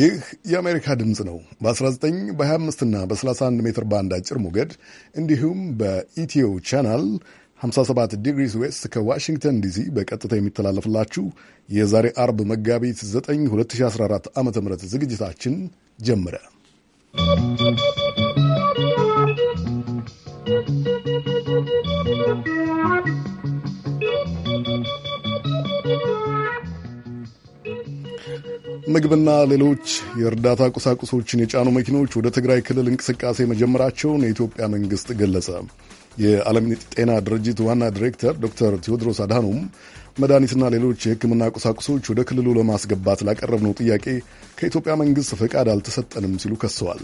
ይህ የአሜሪካ ድምፅ ነው። በ19 በ25 እና በ31 ሜትር ባንድ አጭር ሞገድ እንዲሁም በኢትዮ ቻናል 57 ዲግሪስ ዌስት ከዋሽንግተን ዲሲ በቀጥታ የሚተላለፍላችሁ የዛሬ አርብ መጋቢት 9 2014 ዓ ም ዝግጅታችን ጀምረ ምግብና ሌሎች የእርዳታ ቁሳቁሶችን የጫኑ መኪኖች ወደ ትግራይ ክልል እንቅስቃሴ መጀመራቸውን የኢትዮጵያ መንግሥት ገለጸ። የዓለም ጤና ድርጅት ዋና ዲሬክተር ዶክተር ቴዎድሮስ አድሃኖም መድኃኒትና ሌሎች የሕክምና ቁሳቁሶች ወደ ክልሉ ለማስገባት ላቀረብነው ጥያቄ ከኢትዮጵያ መንግሥት ፈቃድ አልተሰጠንም ሲሉ ከሰዋል።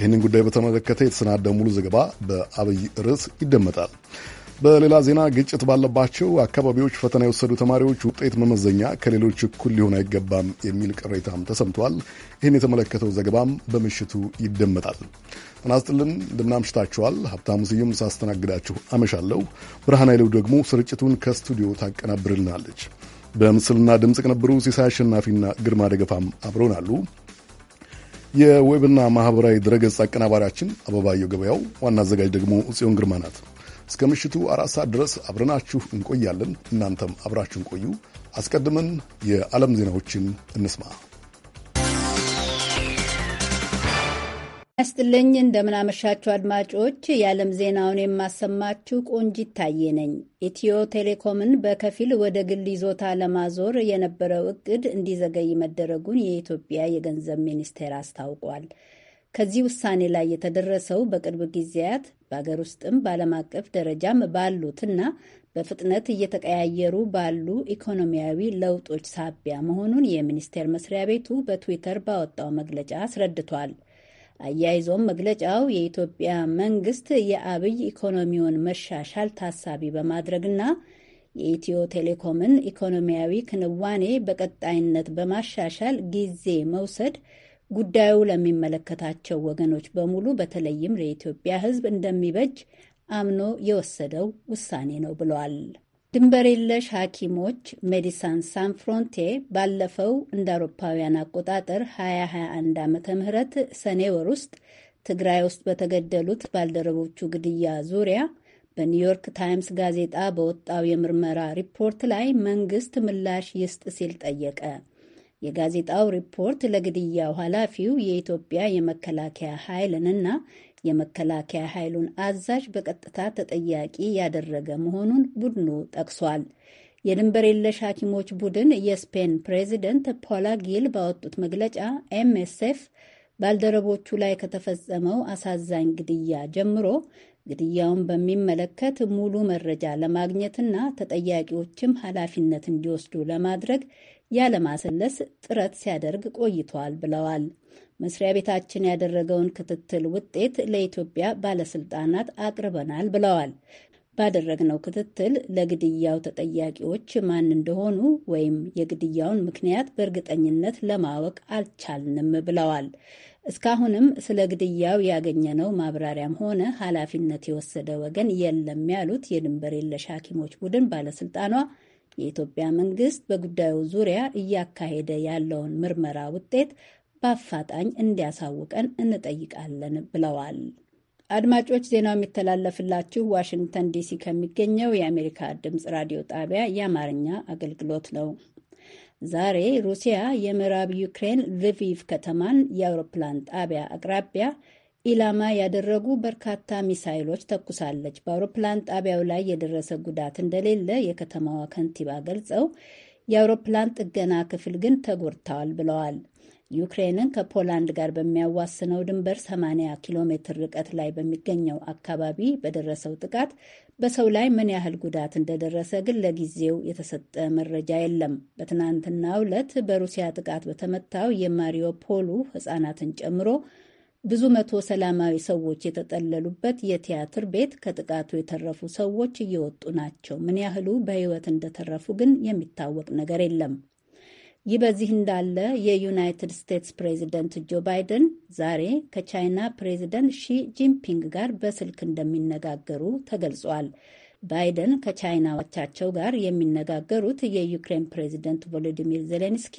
ይህንን ጉዳይ በተመለከተ የተሰናዳ ሙሉ ዘገባ በአብይ ርዕስ ይደመጣል። በሌላ ዜና ግጭት ባለባቸው አካባቢዎች ፈተና የወሰዱ ተማሪዎች ውጤት መመዘኛ ከሌሎች እኩል ሊሆን አይገባም የሚል ቅሬታም ተሰምቷል። ይህን የተመለከተው ዘገባም በምሽቱ ይደመጣል። ጥናስጥልን እንደምናምሽታችኋል። ሀብታሙ ስዩም ሳስተናግዳችሁ አመሻለሁ። ብርሃን ኃይሌው ደግሞ ስርጭቱን ከስቱዲዮ ታቀናብርልናለች። በምስልና ድምፅ ቅንብሩ ሲሳይ አሸናፊና ግርማ ደገፋም አብረውናሉ። የዌብና ማህበራዊ ድረገጽ አቀናባሪያችን አበባየው ገበያው፣ ዋና አዘጋጅ ደግሞ ጽዮን ግርማ ናት። እስከ ምሽቱ አራት ሰዓት ድረስ አብረናችሁ እንቆያለን። እናንተም አብራችሁን ቆዩ። አስቀድመን የዓለም ዜናዎችን እንስማ። ያስጥልኝ። እንደምናመሻችሁ አድማጮች፣ የዓለም ዜናውን የማሰማችሁ ቆንጂት ታዬ ነኝ። ኢትዮ ቴሌኮምን በከፊል ወደ ግል ይዞታ ለማዞር የነበረው እቅድ እንዲዘገይ መደረጉን የኢትዮጵያ የገንዘብ ሚኒስቴር አስታውቋል። ከዚህ ውሳኔ ላይ የተደረሰው በቅርብ ጊዜያት በአገር ውስጥም በዓለም አቀፍ ደረጃም ባሉትና በፍጥነት እየተቀያየሩ ባሉ ኢኮኖሚያዊ ለውጦች ሳቢያ መሆኑን የሚኒስቴር መስሪያ ቤቱ በትዊተር ባወጣው መግለጫ አስረድቷል። አያይዞም መግለጫው የኢትዮጵያ መንግስት የአብይ ኢኮኖሚውን መሻሻል ታሳቢ በማድረግና የኢትዮ ቴሌኮምን ኢኮኖሚያዊ ክንዋኔ በቀጣይነት በማሻሻል ጊዜ መውሰድ ጉዳዩ ለሚመለከታቸው ወገኖች በሙሉ በተለይም ለኢትዮጵያ ሕዝብ እንደሚበጅ አምኖ የወሰደው ውሳኔ ነው ብለዋል። ድንበር የለሽ ሐኪሞች ሜዲሳን ሳን ፍሮንቴ ባለፈው እንደ አውሮፓውያን አቆጣጠር 2021 ዓ ም ሰኔ ወር ውስጥ ትግራይ ውስጥ በተገደሉት ባልደረቦቹ ግድያ ዙሪያ በኒውዮርክ ታይምስ ጋዜጣ በወጣው የምርመራ ሪፖርት ላይ መንግስት ምላሽ ይስጥ ሲል ጠየቀ። የጋዜጣው ሪፖርት ለግድያው ኃላፊው የኢትዮጵያ የመከላከያ ኃይልንና የመከላከያ ኃይሉን አዛዥ በቀጥታ ተጠያቂ ያደረገ መሆኑን ቡድኑ ጠቅሷል። የድንበር የለሽ ሐኪሞች ቡድን የስፔን ፕሬዚደንት ፖላ ጊል ባወጡት መግለጫ ኤምኤስኤፍ ባልደረቦቹ ላይ ከተፈጸመው አሳዛኝ ግድያ ጀምሮ ግድያውን በሚመለከት ሙሉ መረጃ ለማግኘትና ተጠያቂዎችም ኃላፊነት እንዲወስዱ ለማድረግ ያለማሰለስ ጥረት ሲያደርግ ቆይቷል ብለዋል። መስሪያ ቤታችን ያደረገውን ክትትል ውጤት ለኢትዮጵያ ባለስልጣናት አቅርበናል ብለዋል። ባደረግነው ክትትል ለግድያው ተጠያቂዎች ማን እንደሆኑ ወይም የግድያውን ምክንያት በእርግጠኝነት ለማወቅ አልቻልንም ብለዋል። እስካሁንም ስለ ግድያው ያገኘነው ማብራሪያም ሆነ ኃላፊነት የወሰደ ወገን የለም ያሉት የድንበር የለሽ ሐኪሞች ቡድን ባለስልጣኗ የኢትዮጵያ መንግስት በጉዳዩ ዙሪያ እያካሄደ ያለውን ምርመራ ውጤት በአፋጣኝ እንዲያሳውቀን እንጠይቃለን ብለዋል። አድማጮች፣ ዜናው የሚተላለፍላችሁ ዋሽንግተን ዲሲ ከሚገኘው የአሜሪካ ድምፅ ራዲዮ ጣቢያ የአማርኛ አገልግሎት ነው። ዛሬ ሩሲያ የምዕራብ ዩክሬን ልቪቭ ከተማን የአውሮፕላን ጣቢያ አቅራቢያ ኢላማ ያደረጉ በርካታ ሚሳይሎች ተኩሳለች። በአውሮፕላን ጣቢያው ላይ የደረሰ ጉዳት እንደሌለ የከተማዋ ከንቲባ ገልጸው የአውሮፕላን ጥገና ክፍል ግን ተጎድተዋል ብለዋል። ዩክሬንን ከፖላንድ ጋር በሚያዋስነው ድንበር 80 ኪሎ ሜትር ርቀት ላይ በሚገኘው አካባቢ በደረሰው ጥቃት በሰው ላይ ምን ያህል ጉዳት እንደደረሰ ግን ለጊዜው የተሰጠ መረጃ የለም። በትናንትናው ዕለት በሩሲያ ጥቃት በተመታው የማሪዮፖሉ ሕጻናትን ጨምሮ ብዙ መቶ ሰላማዊ ሰዎች የተጠለሉበት የቲያትር ቤት ከጥቃቱ የተረፉ ሰዎች እየወጡ ናቸው። ምን ያህሉ በሕይወት እንደተረፉ ግን የሚታወቅ ነገር የለም። ይህ በዚህ እንዳለ የዩናይትድ ስቴትስ ፕሬዚደንት ጆ ባይደን ዛሬ ከቻይና ፕሬዚደንት ሺ ጂንፒንግ ጋር በስልክ እንደሚነጋገሩ ተገልጿል። ባይደን ከቻይናዎቻቸው ጋር የሚነጋገሩት የዩክሬን ፕሬዚደንት ቮሎዲሚር ዜሌንስኪ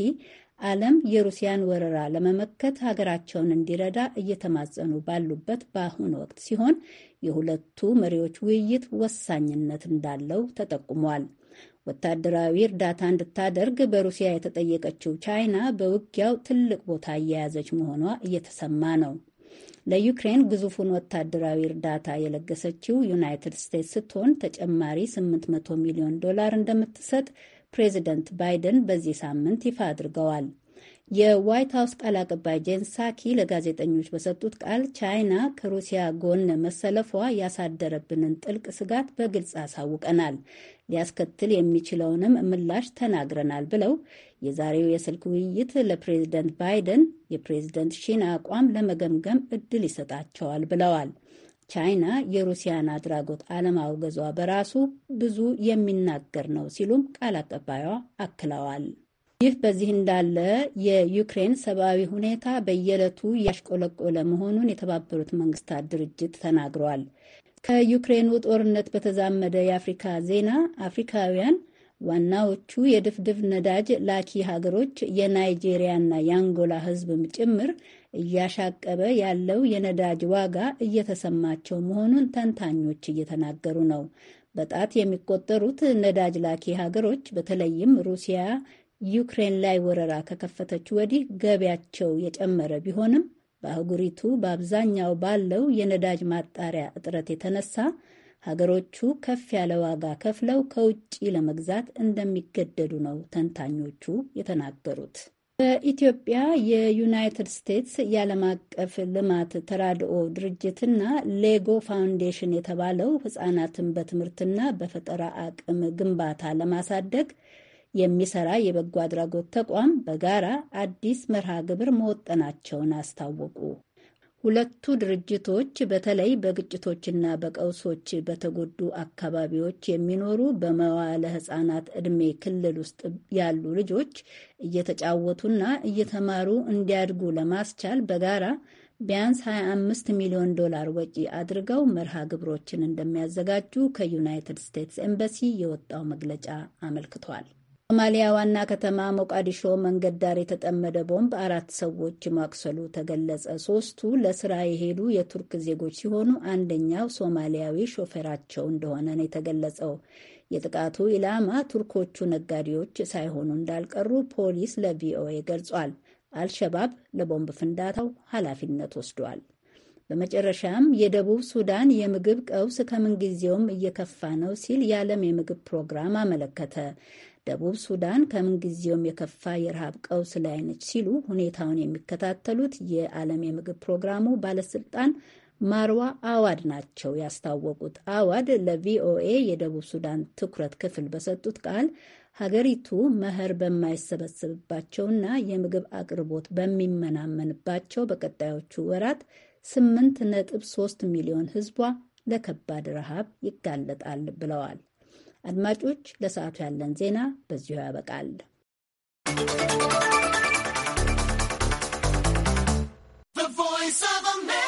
ዓለም የሩሲያን ወረራ ለመመከት ሀገራቸውን እንዲረዳ እየተማጸኑ ባሉበት በአሁኑ ወቅት ሲሆን የሁለቱ መሪዎች ውይይት ወሳኝነት እንዳለው ተጠቁሟል። ወታደራዊ እርዳታ እንድታደርግ በሩሲያ የተጠየቀችው ቻይና በውጊያው ትልቅ ቦታ እየያዘች መሆኗ እየተሰማ ነው። ለዩክሬን ግዙፉን ወታደራዊ እርዳታ የለገሰችው ዩናይትድ ስቴትስ ስትሆን ተጨማሪ 800 ሚሊዮን ዶላር እንደምትሰጥ ፕሬዚደንት ባይደን በዚህ ሳምንት ይፋ አድርገዋል። የዋይት ሀውስ ቃል አቀባይ ጄን ሳኪ ለጋዜጠኞች በሰጡት ቃል ቻይና ከሩሲያ ጎን መሰለፏ ያሳደረብንን ጥልቅ ስጋት በግልጽ አሳውቀናል፣ ሊያስከትል የሚችለውንም ምላሽ ተናግረናል ብለው የዛሬው የስልክ ውይይት ለፕሬዝደንት ባይደን የፕሬዝደንት ሺን አቋም ለመገምገም እድል ይሰጣቸዋል ብለዋል። ቻይና የሩሲያን አድራጎት አለማውገዟ በራሱ ብዙ የሚናገር ነው ሲሉም ቃል አቀባዩ አክለዋል። ይህ በዚህ እንዳለ የዩክሬን ሰብአዊ ሁኔታ በየዕለቱ ያሽቆለቆለ መሆኑን የተባበሩት መንግስታት ድርጅት ተናግሯል። ከዩክሬኑ ጦርነት በተዛመደ የአፍሪካ ዜና አፍሪካውያን ዋናዎቹ የድፍድፍ ነዳጅ ላኪ ሀገሮች የናይጄሪያና የአንጎላ ህዝብም ጭምር እያሻቀበ ያለው የነዳጅ ዋጋ እየተሰማቸው መሆኑን ተንታኞች እየተናገሩ ነው። በጣት የሚቆጠሩት ነዳጅ ላኪ ሀገሮች በተለይም ሩሲያ ዩክሬን ላይ ወረራ ከከፈተች ወዲህ ገቢያቸው የጨመረ ቢሆንም በአህጉሪቱ በአብዛኛው ባለው የነዳጅ ማጣሪያ እጥረት የተነሳ ሀገሮቹ ከፍ ያለ ዋጋ ከፍለው ከውጭ ለመግዛት እንደሚገደዱ ነው ተንታኞቹ የተናገሩት። በኢትዮጵያ የዩናይትድ ስቴትስ የዓለም አቀፍ ልማት ተራድኦ ድርጅትና ሌጎ ፋውንዴሽን የተባለው ህጻናትን በትምህርትና በፈጠራ አቅም ግንባታ ለማሳደግ የሚሰራ የበጎ አድራጎት ተቋም በጋራ አዲስ መርሃ ግብር መወጠናቸውን አስታወቁ። ሁለቱ ድርጅቶች በተለይ በግጭቶችና በቀውሶች በተጎዱ አካባቢዎች የሚኖሩ በመዋለ ሕጻናት ዕድሜ ክልል ውስጥ ያሉ ልጆች እየተጫወቱና እየተማሩ እንዲያድጉ ለማስቻል በጋራ ቢያንስ 25 ሚሊዮን ዶላር ወጪ አድርገው መርሃ ግብሮችን እንደሚያዘጋጁ ከዩናይትድ ስቴትስ ኤምባሲ የወጣው መግለጫ አመልክቷል። ሶማሊያ ዋና ከተማ ሞቃዲሾ መንገድ ዳር የተጠመደ ቦምብ አራት ሰዎች ማቁሰሉ ተገለጸ። ሶስቱ ለስራ የሄዱ የቱርክ ዜጎች ሲሆኑ አንደኛው ሶማሊያዊ ሾፌራቸው እንደሆነ ነው የተገለጸው። የጥቃቱ ኢላማ ቱርኮቹ ነጋዴዎች ሳይሆኑ እንዳልቀሩ ፖሊስ ለቪኦኤ ገልጿል። አልሸባብ ለቦምብ ፍንዳታው ኃላፊነት ወስዷል። በመጨረሻም የደቡብ ሱዳን የምግብ ቀውስ ከምንጊዜውም እየከፋ ነው ሲል የዓለም የምግብ ፕሮግራም አመለከተ። ደቡብ ሱዳን ከምንጊዜውም የከፋ የረሃብ ቀውስ ላይ ነች ሲሉ ሁኔታውን የሚከታተሉት የዓለም የምግብ ፕሮግራሙ ባለስልጣን ማርዋ አዋድ ናቸው ያስታወቁት። አዋድ ለቪኦኤ የደቡብ ሱዳን ትኩረት ክፍል በሰጡት ቃል ሀገሪቱ መኸር በማይሰበሰብባቸውና የምግብ አቅርቦት በሚመናመንባቸው በቀጣዮቹ ወራት 8.3 ሚሊዮን ህዝቧ ለከባድ ረሃብ ይጋለጣል ብለዋል። አድማጮች፣ ለሰዓቱ ያለን ዜና በዚሁ ያበቃል። ቮይስ ኦፍ አሜሪካ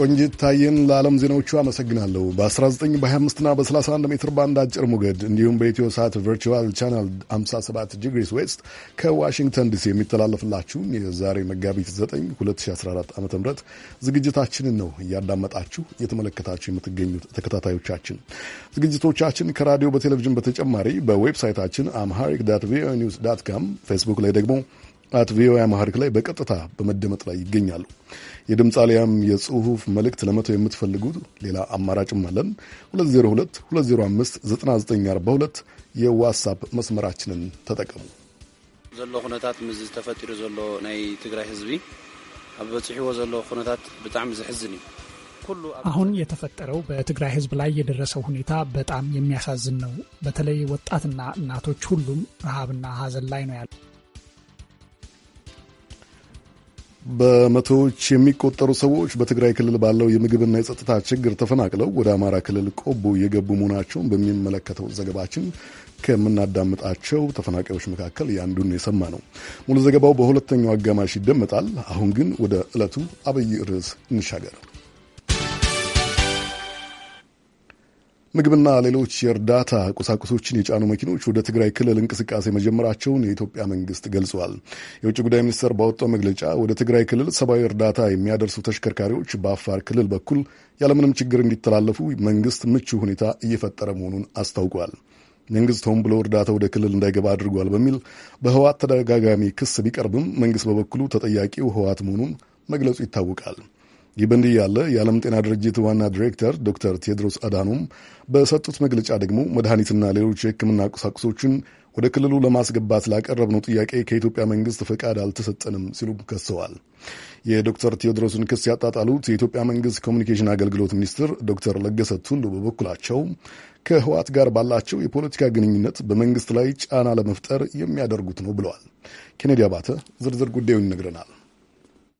ቆንጂት ታየን ለዓለም ዜናዎቹ አመሰግናለሁ። በ19 በ25ና በ31 ሜትር ባንድ አጭር ሞገድ እንዲሁም በኢትዮ ሳት ቨርቹዋል ቻናል 57 ዲግሪስ ዌስት ከዋሽንግተን ዲሲ የሚተላለፍላችሁን የዛሬ መጋቢት 9 2014 ዓ ም ዝግጅታችንን ነው እያዳመጣችሁ እየተመለከታችሁ የምትገኙት ተከታታዮቻችን። ዝግጅቶቻችን ከራዲዮ በቴሌቪዥን በተጨማሪ በዌብሳይታችን አምሃሪክ ዳት ቪኦኤ ኒውስ ዳት ካም ፌስቡክ ላይ ደግሞ አት ቪኦኤ አማሃሪክ ላይ በቀጥታ በመደመጥ ላይ ይገኛሉ። የድምፅ አሊያም የጽሁፍ መልእክት ለመተው የምትፈልጉ ሌላ አማራጭም አለን። 202 የዋትሳፕ መስመራችንን ተጠቀሙ። ዘሎ ኩነታት ምዝ ተፈጢሩ ዘሎ ናይ ትግራይ ህዝቢ ኣብ በፅሕዎ ዘሎ ኩነታት ብጣዕሚ ዝሕዝን እዩ። አሁን የተፈጠረው በትግራይ ህዝብ ላይ የደረሰው ሁኔታ በጣም የሚያሳዝን ነው። በተለይ ወጣትና እናቶች ሁሉም ረሃብና ሀዘን ላይ ነው ያለው። በመቶዎች የሚቆጠሩ ሰዎች በትግራይ ክልል ባለው የምግብና የጸጥታ ችግር ተፈናቅለው ወደ አማራ ክልል ቆቦ እየገቡ መሆናቸውን በሚመለከተው ዘገባችን ከምናዳምጣቸው ተፈናቃዮች መካከል የአንዱን የሰማ ነው። ሙሉ ዘገባው በሁለተኛው አጋማሽ ይደመጣል። አሁን ግን ወደ ዕለቱ አብይ ርዕስ እንሻገር። ምግብና ሌሎች የእርዳታ ቁሳቁሶችን የጫኑ መኪኖች ወደ ትግራይ ክልል እንቅስቃሴ መጀመራቸውን የኢትዮጵያ መንግስት ገልጿል። የውጭ ጉዳይ ሚኒስቴር ባወጣው መግለጫ ወደ ትግራይ ክልል ሰብአዊ እርዳታ የሚያደርሱ ተሽከርካሪዎች በአፋር ክልል በኩል ያለምንም ችግር እንዲተላለፉ መንግስት ምቹ ሁኔታ እየፈጠረ መሆኑን አስታውቋል። መንግስት ሆን ብሎ እርዳታ ወደ ክልል እንዳይገባ አድርጓል በሚል በህወሓት ተደጋጋሚ ክስ ቢቀርብም መንግስት በበኩሉ ተጠያቂው ህወሓት መሆኑን መግለጹ ይታወቃል። ይህ በእንዲህ ያለ የዓለም ጤና ድርጅት ዋና ዲሬክተር ዶክተር ቴድሮስ አዳኖም በሰጡት መግለጫ ደግሞ መድኃኒትና ሌሎች የሕክምና ቁሳቁሶችን ወደ ክልሉ ለማስገባት ላቀረብነው ጥያቄ ከኢትዮጵያ መንግስት ፈቃድ አልተሰጠንም ሲሉ ከሰዋል። የዶክተር ቴዎድሮስን ክስ ያጣጣሉት የኢትዮጵያ መንግስት ኮሚኒኬሽን አገልግሎት ሚኒስትር ዶክተር ለገሰ ቱሉ በበኩላቸው ከህዋት ጋር ባላቸው የፖለቲካ ግንኙነት በመንግስት ላይ ጫና ለመፍጠር የሚያደርጉት ነው ብለዋል። ኬኔዲ አባተ ዝርዝር ጉዳዩን ይነግረናል።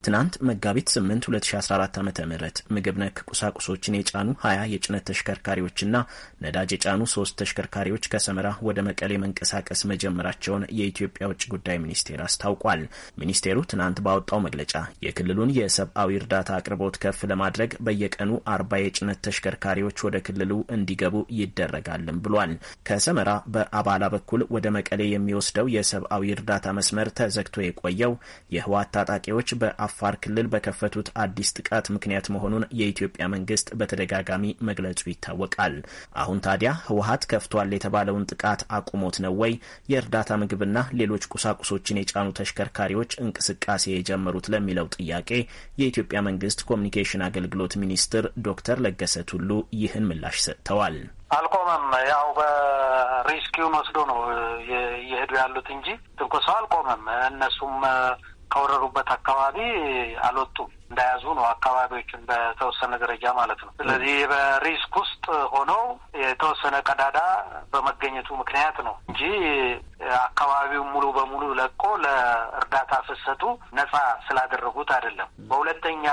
ትናንት መጋቢት 8 2014 ዓ ም ምግብ ነክ ቁሳቁሶችን የጫኑ 20 የጭነት ተሽከርካሪዎችና ነዳጅ የጫኑ ሶስት ተሽከርካሪዎች ከሰመራ ወደ መቀሌ መንቀሳቀስ መጀመራቸውን የኢትዮጵያ ውጭ ጉዳይ ሚኒስቴር አስታውቋል። ሚኒስቴሩ ትናንት ባወጣው መግለጫ የክልሉን የሰብአዊ እርዳታ አቅርቦት ከፍ ለማድረግ በየቀኑ 40 የጭነት ተሽከርካሪዎች ወደ ክልሉ እንዲገቡ ይደረጋልም ብሏል። ከሰመራ በአባላ በኩል ወደ መቀሌ የሚወስደው የሰብአዊ እርዳታ መስመር ተዘግቶ የቆየው የህወሓት ታጣቂዎች በአ በአፋር ክልል በከፈቱት አዲስ ጥቃት ምክንያት መሆኑን የኢትዮጵያ መንግስት በተደጋጋሚ መግለጹ ይታወቃል። አሁን ታዲያ ህወሀት ከፍቷል የተባለውን ጥቃት አቁሞት ነው ወይ? የእርዳታ ምግብና ሌሎች ቁሳቁሶችን የጫኑ ተሽከርካሪዎች እንቅስቃሴ የጀመሩት ለሚለው ጥያቄ የኢትዮጵያ መንግስት ኮሚኒኬሽን አገልግሎት ሚኒስትር ዶክተር ለገሰ ቱሉ ይህን ምላሽ ሰጥተዋል። አልቆመም። ያው በሪስኪውን ወስዶ ነው እየሄዱ ያሉት እንጂ ትንኮሳው አልቆመም። እነሱም ከወረሩበት አካባቢ አልወጡም። እንዳያዙ ነው አካባቢዎችን በተወሰነ ደረጃ ማለት ነው። ስለዚህ በሪስክ ውስጥ ሆነው የተወሰነ ቀዳዳ በመገኘቱ ምክንያት ነው እንጂ አካባቢው ሙሉ በሙሉ ለቆ ለእርዳታ ፍሰቱ ነጻ ስላደረጉት አይደለም። በሁለተኛ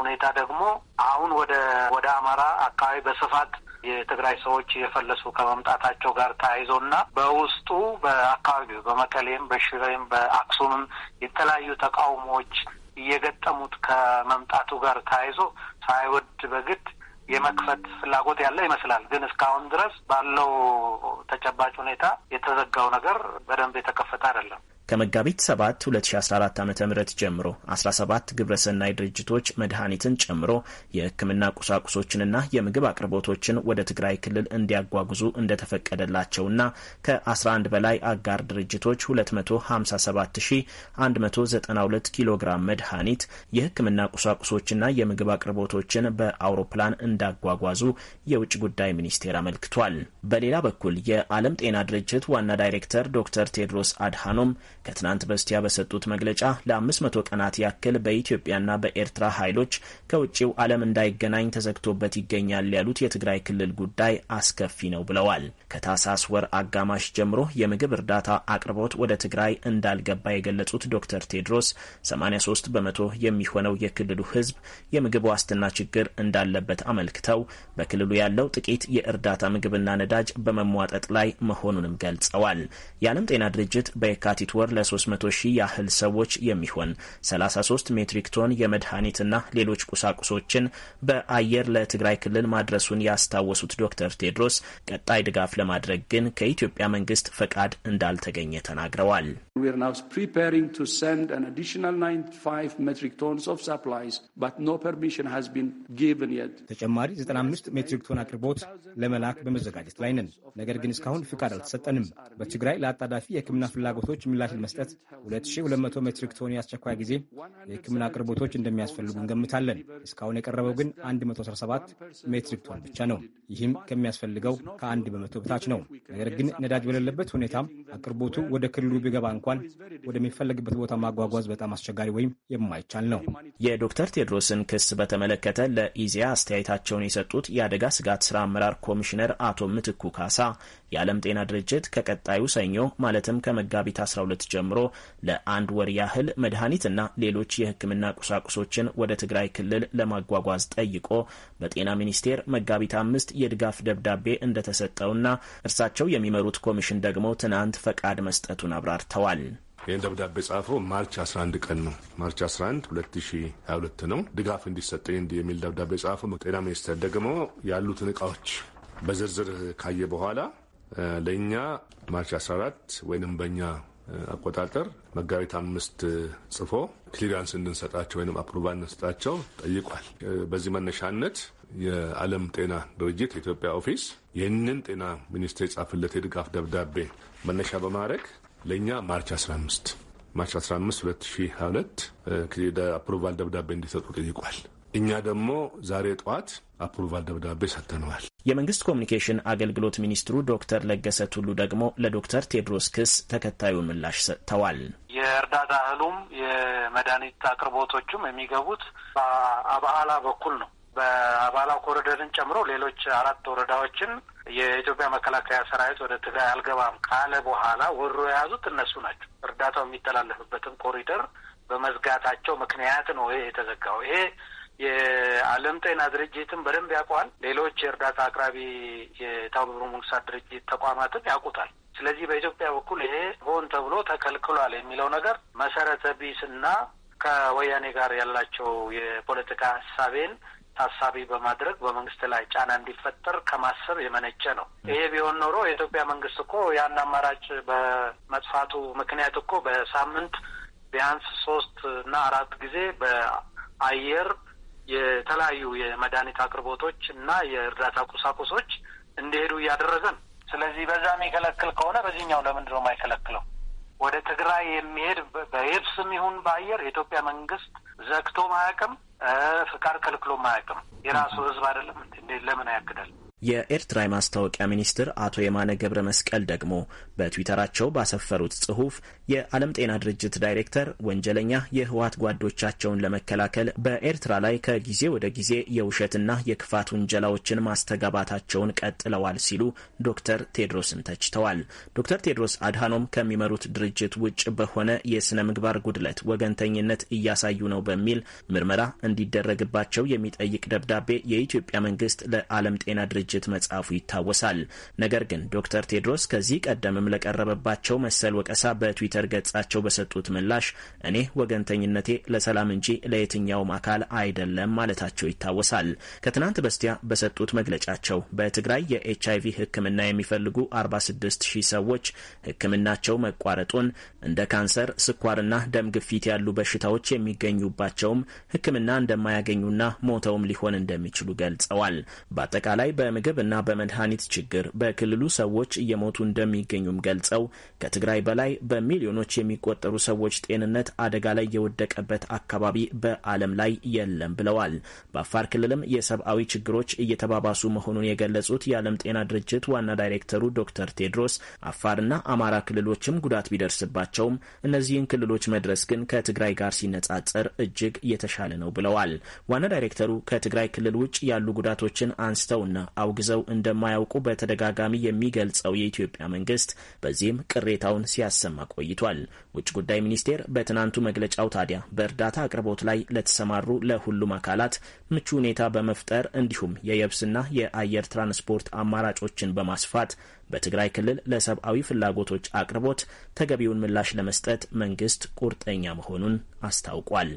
ሁኔታ ደግሞ አሁን ወደ ወደ አማራ አካባቢ በስፋት የትግራይ ሰዎች እየፈለሱ ከመምጣታቸው ጋር ተያይዞና በውስጡ በአካባቢው በመቀሌም በሽሬም በአክሱምም የተለያዩ ተቃውሞዎች እየገጠሙት ከመምጣቱ ጋር ተያይዞ ሳይወድ በግድ የመክፈት ፍላጎት ያለ ይመስላል። ግን እስካሁን ድረስ ባለው ተጨባጭ ሁኔታ የተዘጋው ነገር በደንብ የተከፈተ አይደለም። ከመጋቢት 7 2014 ዓ ም ጀምሮ 17 ግብረሰናይ ድርጅቶች መድኃኒትን ጨምሮ የሕክምና ቁሳቁሶችንና የምግብ አቅርቦቶችን ወደ ትግራይ ክልል እንዲያጓጉዙ እንደተፈቀደላቸውና ከ11 በላይ አጋር ድርጅቶች 257192 ኪሎ ግራም መድኃኒት የሕክምና ቁሳቁሶችና የምግብ አቅርቦቶችን በአውሮፕላን እንዳጓጓዙ የውጭ ጉዳይ ሚኒስቴር አመልክቷል። በሌላ በኩል የዓለም ጤና ድርጅት ዋና ዳይሬክተር ዶክተር ቴድሮስ አድሃኖም ከትናንት በስቲያ በሰጡት መግለጫ ለ500 ቀናት ያክል በኢትዮጵያና በኤርትራ ኃይሎች ከውጭው ዓለም እንዳይገናኝ ተዘግቶበት ይገኛል ያሉት የትግራይ ክልል ጉዳይ አስከፊ ነው ብለዋል። ከታሳስ ወር አጋማሽ ጀምሮ የምግብ እርዳታ አቅርቦት ወደ ትግራይ እንዳልገባ የገለጹት ዶክተር ቴድሮስ 83 በመቶ የሚሆነው የክልሉ ህዝብ የምግብ ዋስትና ችግር እንዳለበት አመልክተው በክልሉ ያለው ጥቂት የእርዳታ ምግብና ነዳጅ በመሟጠጥ ላይ መሆኑንም ገልጸዋል። የዓለም ጤና ድርጅት በየካቲት ወር ለ300 ሺህ ያህል ሰዎች የሚሆን 33 ሜትሪክ ቶን የመድኃኒትና ሌሎች ቁሳቁሶችን በአየር ለትግራይ ክልል ማድረሱን ያስታወሱት ዶክተር ቴድሮስ ቀጣይ ድጋፍ ለማድረግ ግን ከኢትዮጵያ መንግስት ፈቃድ እንዳልተገኘ ተናግረዋል። We are now preparing to send an additional 95 metric tons of supplies, but no permission has been given yet. ተጨማሪ 95 ሜትሪክ ቶን አቅርቦት ለመላክ በመዘጋጀት ላይ ነን። ነገር ግን እስካሁን ፍቃድ አልተሰጠንም። በትግራይ ለአጣዳፊ የሕክምና ፍላጎቶች ምላሽ ለመስጠት 2200 ሜትሪክ ቶን የአስቸኳይ ጊዜ የሕክምና አቅርቦቶች እንደሚያስፈልጉ እንገምታለን። እስካሁን የቀረበው ግን 117 ሜትሪክ ቶን ብቻ ነው። ይህም ከሚያስፈልገው ከአንድ በመቶ በታች ነው። ነገር ግን ነዳጅ በሌለበት ሁኔታም አቅርቦቱ ወደ ክልሉ ቢገባ ተጠናቋል። ወደሚፈለግበት ቦታ ማጓጓዝ በጣም አስቸጋሪ ወይም የማይቻል ነው። የዶክተር ቴድሮስን ክስ በተመለከተ ለኢዜአ አስተያየታቸውን የሰጡት የአደጋ ስጋት ስራ አመራር ኮሚሽነር አቶ ምትኩ ካሳ የዓለም ጤና ድርጅት ከቀጣዩ ሰኞ ማለትም ከመጋቢት 12 ጀምሮ ለአንድ ወር ያህል መድኃኒትና ሌሎች የሕክምና ቁሳቁሶችን ወደ ትግራይ ክልል ለማጓጓዝ ጠይቆ በጤና ሚኒስቴር መጋቢት አምስት የድጋፍ ደብዳቤ እንደተሰጠውና እርሳቸው የሚመሩት ኮሚሽን ደግሞ ትናንት ፈቃድ መስጠቱን አብራርተዋል። ይህን ደብዳቤ ጻፈው ማርች 11 ቀን ነው። ማርች 11 2022 ነው ድጋፍ እንዲሰጠኝ የሚል ደብዳቤ ጻፈው። ጤና ሚኒስቴር ደግሞ ያሉትን እቃዎች በዝርዝር ካየ በኋላ ለእኛ ማርች 14 ወይንም በእኛ አቆጣጠር መጋቢት አምስት ጽፎ ክሊራንስ እንድንሰጣቸው ወይም አፕሩቫ እንድንሰጣቸው ጠይቋል። በዚህ መነሻነት የዓለም ጤና ድርጅት የኢትዮጵያ ኦፊስ ይህንን ጤና ሚኒስቴር ጻፍለት የድጋፍ ደብዳቤ መነሻ በማድረግ ለእኛ ማርች 15 ማርች 15 2022 አፕሩቫል ደብዳቤ እንዲሰጡ ጠይቋል። እኛ ደግሞ ዛሬ ጠዋት አፕሩቫል ደብዳቤ ሰጥተነዋል። የመንግስት ኮሚኒኬሽን አገልግሎት ሚኒስትሩ ዶክተር ለገሰ ቱሉ ደግሞ ለዶክተር ቴድሮስ ክስ ተከታዩን ምላሽ ሰጥተዋል። የእርዳታ እህሉም የመድኃኒት አቅርቦቶቹም የሚገቡት በአባላ በኩል ነው። በአባላ ኮሪደርን ጨምሮ ሌሎች አራት ወረዳዎችን የኢትዮጵያ መከላከያ ሰራዊት ወደ ትግራይ አልገባም ካለ በኋላ ወሮ የያዙት እነሱ ናቸው። እርዳታው የሚተላለፍበትን ኮሪደር በመዝጋታቸው ምክንያት ነው ይሄ የተዘጋው። ይሄ የዓለም ጤና ድርጅትም በደንብ ያውቀዋል። ሌሎች የእርዳታ አቅራቢ የተባበሩት መንግስታት ድርጅት ተቋማትም ያውቁታል። ስለዚህ በኢትዮጵያ በኩል ይሄ ሆን ተብሎ ተከልክሏል የሚለው ነገር መሰረተ ቢስና ከወያኔ ጋር ያላቸው የፖለቲካ ሀሳቤን ታሳቢ በማድረግ በመንግስት ላይ ጫና እንዲፈጠር ከማሰብ የመነጨ ነው። ይሄ ቢሆን ኖሮ የኢትዮጵያ መንግስት እኮ ያን አማራጭ በመጥፋቱ ምክንያት እኮ በሳምንት ቢያንስ ሶስት እና አራት ጊዜ በአየር የተለያዩ የመድኃኒት አቅርቦቶች እና የእርዳታ ቁሳቁሶች እንዲሄዱ እያደረገ ነው። ስለዚህ በዛ የሚከለክል ከሆነ በዚህኛው ለምንድን ነው የማይከለክለው? ወደ ትግራይ የሚሄድ በየብስም ይሁን በአየር የኢትዮጵያ መንግስት ዘግቶ ማያቅም ፍቃድ ከልክሎ ማያቅም የራሱ ህዝብ አይደለም እንዴ? ለምን አያክዳል? የኤርትራ የማስታወቂያ ሚኒስትር አቶ የማነ ገብረ መስቀል ደግሞ በትዊተራቸው ባሰፈሩት ጽሁፍ የዓለም ጤና ድርጅት ዳይሬክተር ወንጀለኛ የህወሀት ጓዶቻቸውን ለመከላከል በኤርትራ ላይ ከጊዜ ወደ ጊዜ የውሸትና የክፋት ውንጀላዎችን ማስተጋባታቸውን ቀጥለዋል ሲሉ ዶክተር ቴድሮስን ተችተዋል። ዶክተር ቴድሮስ አድሃኖም ከሚመሩት ድርጅት ውጭ በሆነ የስነ ምግባር ጉድለት ወገንተኝነት እያሳዩ ነው በሚል ምርመራ እንዲደረግባቸው የሚጠይቅ ደብዳቤ የኢትዮጵያ መንግስት ለዓለም ጤና ድርጅት በትችት መጽሐፉ ይታወሳል። ነገር ግን ዶክተር ቴድሮስ ከዚህ ቀደምም ለቀረበባቸው መሰል ወቀሳ በትዊተር ገጻቸው በሰጡት ምላሽ እኔ ወገንተኝነቴ ለሰላም እንጂ ለየትኛውም አካል አይደለም ማለታቸው ይታወሳል። ከትናንት በስቲያ በሰጡት መግለጫቸው በትግራይ የኤች አይቪ ሕክምና የሚፈልጉ 46 ሺህ ሰዎች ሕክምናቸው መቋረጡን እንደ ካንሰር፣ ስኳርና ደም ግፊት ያሉ በሽታዎች የሚገኙባቸውም ሕክምና እንደማያገኙና ሞተውም ሊሆን እንደሚችሉ ገልጸዋል። በአጠቃላይ በምግ በምግብ እና በመድኃኒት ችግር በክልሉ ሰዎች እየሞቱ እንደሚገኙም ገልጸው ከትግራይ በላይ በሚሊዮኖች የሚቆጠሩ ሰዎች ጤንነት አደጋ ላይ የወደቀበት አካባቢ በዓለም ላይ የለም ብለዋል። በአፋር ክልልም የሰብአዊ ችግሮች እየተባባሱ መሆኑን የገለጹት የዓለም ጤና ድርጅት ዋና ዳይሬክተሩ ዶክተር ቴድሮስ አፋርና አማራ ክልሎችም ጉዳት ቢደርስባቸውም እነዚህን ክልሎች መድረስ ግን ከትግራይ ጋር ሲነጻጸር እጅግ የተሻለ ነው ብለዋል። ዋና ዳይሬክተሩ ከትግራይ ክልል ውጭ ያሉ ጉዳቶችን አንስተውና አውግዘው እንደማያውቁ በተደጋጋሚ የሚገልጸው የኢትዮጵያ መንግስት በዚህም ቅሬታውን ሲያሰማ ቆይቷል። ውጭ ጉዳይ ሚኒስቴር በትናንቱ መግለጫው ታዲያ በእርዳታ አቅርቦት ላይ ለተሰማሩ ለሁሉም አካላት ምቹ ሁኔታ በመፍጠር እንዲሁም የየብስና የአየር ትራንስፖርት አማራጮችን በማስፋት በትግራይ ክልል ለሰብአዊ ፍላጎቶች አቅርቦት ተገቢውን ምላሽ ለመስጠት መንግስት ቁርጠኛ መሆኑን አስታውቋል።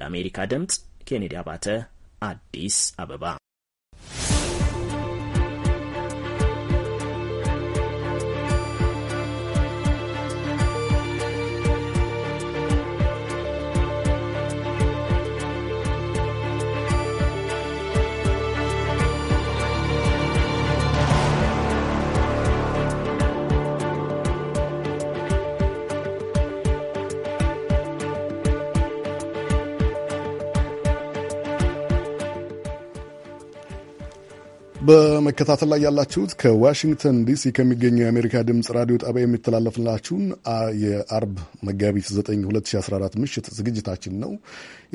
ለአሜሪካ ድምፅ ኬኔዲ አባተ አዲስ አበባ በመከታተል ላይ ያላችሁት ከዋሽንግተን ዲሲ ከሚገኘው የአሜሪካ ድምፅ ራዲዮ ጣቢያ የሚተላለፍላችሁን የአርብ መጋቢት 9 2014 ምሽት ዝግጅታችን ነው።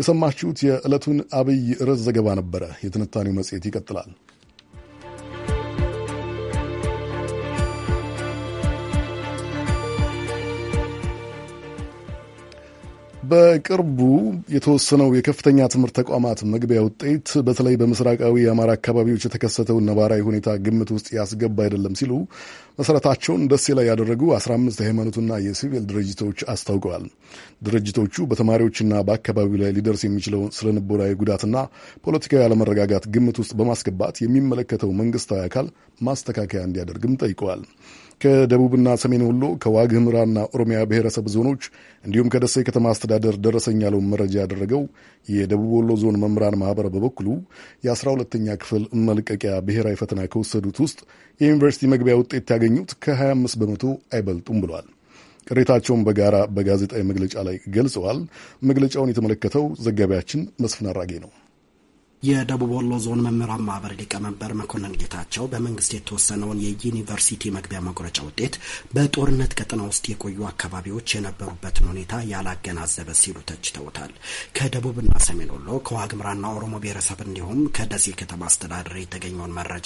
የሰማችሁት የዕለቱን አብይ ርዕስ ዘገባ ነበረ። የትንታኔው መጽሔት ይቀጥላል። በቅርቡ የተወሰነው የከፍተኛ ትምህርት ተቋማት መግቢያ ውጤት በተለይ በምስራቃዊ የአማራ አካባቢዎች የተከሰተውን ነባራዊ ሁኔታ ግምት ውስጥ ያስገባ አይደለም ሲሉ መሰረታቸውን ደሴ ላይ ያደረጉ 15 የሃይማኖትና የሲቪል ድርጅቶች አስታውቀዋል። ድርጅቶቹ በተማሪዎችና በአካባቢው ላይ ሊደርስ የሚችለውን ስነ ጉዳትና ፖለቲካዊ አለመረጋጋት ግምት ውስጥ በማስገባት የሚመለከተው መንግስታዊ አካል ማስተካከያ እንዲያደርግም ጠይቀዋል። ከደቡብና ሰሜን ወሎ ከዋግህምራና ኦሮሚያ ብሔረሰብ ዞኖች እንዲሁም ከደሴ ከተማ አስተዳደር ደረሰኝ ያለውን መረጃ ያደረገው የደቡብ ወሎ ዞን መምህራን ማህበር በበኩሉ የአስራ ሁለተኛ ክፍል መልቀቂያ ብሔራዊ ፈተና ከወሰዱት ውስጥ የዩኒቨርሲቲ መግቢያ ውጤት ያገኙት ከ25 በመቶ አይበልጡም ብሏል። ቅሬታቸውን በጋራ በጋዜጣዊ መግለጫ ላይ ገልጸዋል። መግለጫውን የተመለከተው ዘጋቢያችን መስፍን አራጌ ነው። የደቡብ ወሎ ዞን መምህራን ማህበር ሊቀመንበር መኮንን ጌታቸው በመንግስት የተወሰነውን የዩኒቨርሲቲ መግቢያ መቁረጫ ውጤት በጦርነት ቀጠና ውስጥ የቆዩ አካባቢዎች የነበሩበትን ሁኔታ ያላገናዘበ ሲሉ ተችተውታል። ከደቡብና ሰሜን ወሎ ከዋግምራና ኦሮሞ ብሔረሰብ እንዲሁም ከደሴ ከተማ አስተዳደር የተገኘውን መረጃ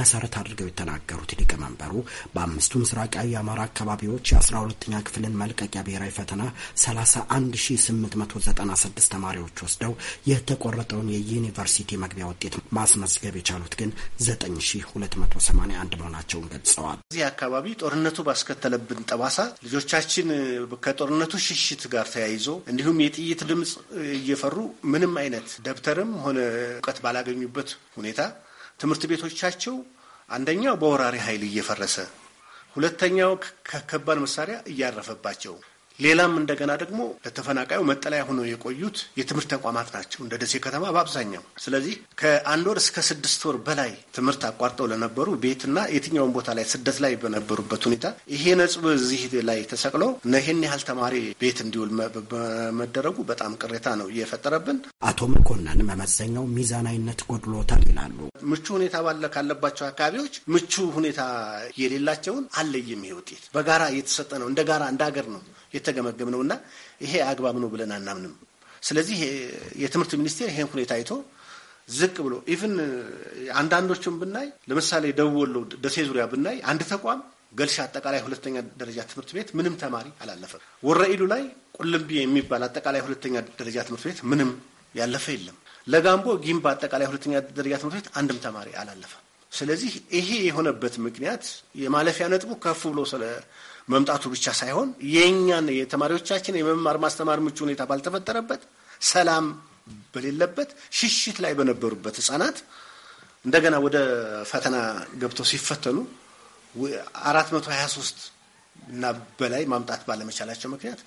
መሰረት አድርገው የተናገሩት ሊቀመንበሩ በአምስቱ ምስራቃዊ የአማራ አካባቢዎች የአስራ ሁለተኛ ክፍልን መልቀቂያ ብሔራዊ ፈተና 31896 ተማሪዎች ወስደው የተቆረጠውን የዩኒቨር ዩኒቨርሲቲ መግቢያ ውጤት ማስመዝገብ የቻሉት ግን 9281 መሆናቸውን ገልጸዋል። እዚህ አካባቢ ጦርነቱ ባስከተለብን ጠባሳ ልጆቻችን ከጦርነቱ ሽሽት ጋር ተያይዞ እንዲሁም የጥይት ድምፅ እየፈሩ ምንም አይነት ደብተርም ሆነ እውቀት ባላገኙበት ሁኔታ ትምህርት ቤቶቻቸው አንደኛው በወራሪ ኃይል እየፈረሰ ሁለተኛው ከከባድ መሳሪያ እያረፈባቸው ሌላም እንደገና ደግሞ ለተፈናቃዩ መጠለያ ሆነው የቆዩት የትምህርት ተቋማት ናቸው እንደ ደሴ ከተማ በአብዛኛው። ስለዚህ ከአንድ ወር እስከ ስድስት ወር በላይ ትምህርት አቋርጠው ለነበሩ ቤትና የትኛውን ቦታ ላይ ስደት ላይ በነበሩበት ሁኔታ ይሄ ነጽብ እዚህ ላይ ተሰቅሎ ይህን ያህል ተማሪ ቤት እንዲውል በመደረጉ በጣም ቅሬታ ነው እየፈጠረብን። አቶ መኮንን መመዘኛው ሚዛናዊነት ጎድሎታል ይላሉ። ምቹ ሁኔታ ባለ ካለባቸው አካባቢዎች ምቹ ሁኔታ የሌላቸውን አለይም ይሄ ውጤት በጋራ እየተሰጠ ነው እንደ ጋራ እንደ ሀገር ነው የተገመገም ነው እና ይሄ አግባብ ነው ብለን አናምንም። ስለዚህ የትምህርት ሚኒስቴር ይሄን ሁኔታ አይቶ ዝቅ ብሎ ኢቭን አንዳንዶቹም ብናይ ለምሳሌ ደቡብ ወሎ ደሴ ዙሪያ ብናይ አንድ ተቋም ገልሻ አጠቃላይ ሁለተኛ ደረጃ ትምህርት ቤት ምንም ተማሪ አላለፈም። ወረኢሉ ላይ ቁልምቢ የሚባል አጠቃላይ ሁለተኛ ደረጃ ትምህርት ቤት ምንም ያለፈ የለም። ለጋምቦ ጊምባ አጠቃላይ ሁለተኛ ደረጃ ትምህርት ቤት አንድም ተማሪ አላለፈም። ስለዚህ ይሄ የሆነበት ምክንያት የማለፊያ ነጥቡ ከፍ ብሎ መምጣቱ ብቻ ሳይሆን የእኛን የተማሪዎቻችን የመማር ማስተማር ምቹ ሁኔታ ባልተፈጠረበት፣ ሰላም በሌለበት፣ ሽሽት ላይ በነበሩበት ህጻናት እንደገና ወደ ፈተና ገብተው ሲፈተኑ 423 እና በላይ ማምጣት ባለመቻላቸው ምክንያት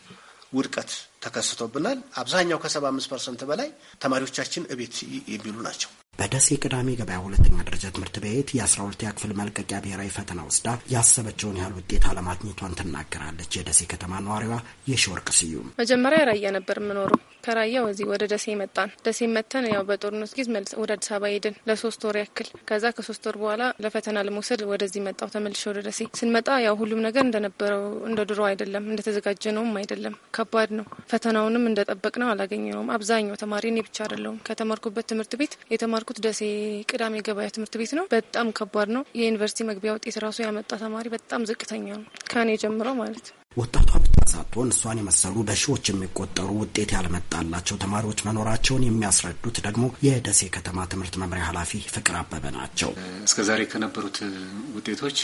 ውድቀት ተከስቶብናል። አብዛኛው ከ75 ፐርሰንት በላይ ተማሪዎቻችን እቤት የሚሉ ናቸው። በደሴ ቅዳሜ ገበያ ሁለተኛ ደረጃ ትምህርት ቤት የአስራ ሁለተኛ ክፍል መልቀቂያ ብሔራዊ ፈተና ወስዳ ያሰበችውን ያህል ውጤት አለማግኘቷን ትናገራለች። የደሴ ከተማ ነዋሪዋ የሺወርቅ ስዩም መጀመሪያ ራያ ነበር የምኖረው። ከራያ ወዚህ ወደ ደሴ መጣን። ደሴ መተን ያው በጦርነት ጊዜ መልስ ወደ አዲስ አበባ ሄድን ለሶስት ወር ያክል። ከዛ ከሶስት ወር በኋላ ለፈተና ለመውሰድ ወደዚህ መጣው ተመልሼ ወደ ደሴ ስንመጣ ያው ሁሉም ነገር እንደነበረው እንደ ድሮ አይደለም፣ እንደተዘጋጀ ነውም አይደለም። ከባድ ነው። ፈተናውንም እንደጠበቅ ነው አላገኘ ነውም። አብዛኛው ተማሪ እኔ ብቻ አይደለውም ከተማርኩበት ትምህርት ቤት የተማርኩ የተማርኩት ደሴ ቅዳሜ ገበያ ትምህርት ቤት ነው። በጣም ከባድ ነው። የዩኒቨርሲቲ መግቢያ ውጤት ራሱ ያመጣ ተማሪ በጣም ዝቅተኛ ነው፣ ከኔ ጀምረው ማለት ነው። ወጣቷ ብቻ ሳትሆን እሷን የመሰሉ በሺዎች የሚቆጠሩ ውጤት ያልመጣላቸው ተማሪዎች መኖራቸውን የሚያስረዱት ደግሞ የደሴ ከተማ ትምህርት መምሪያ ኃላፊ ፍቅር አበበ ናቸው። እስከዛሬ ከነበሩት ውጤቶች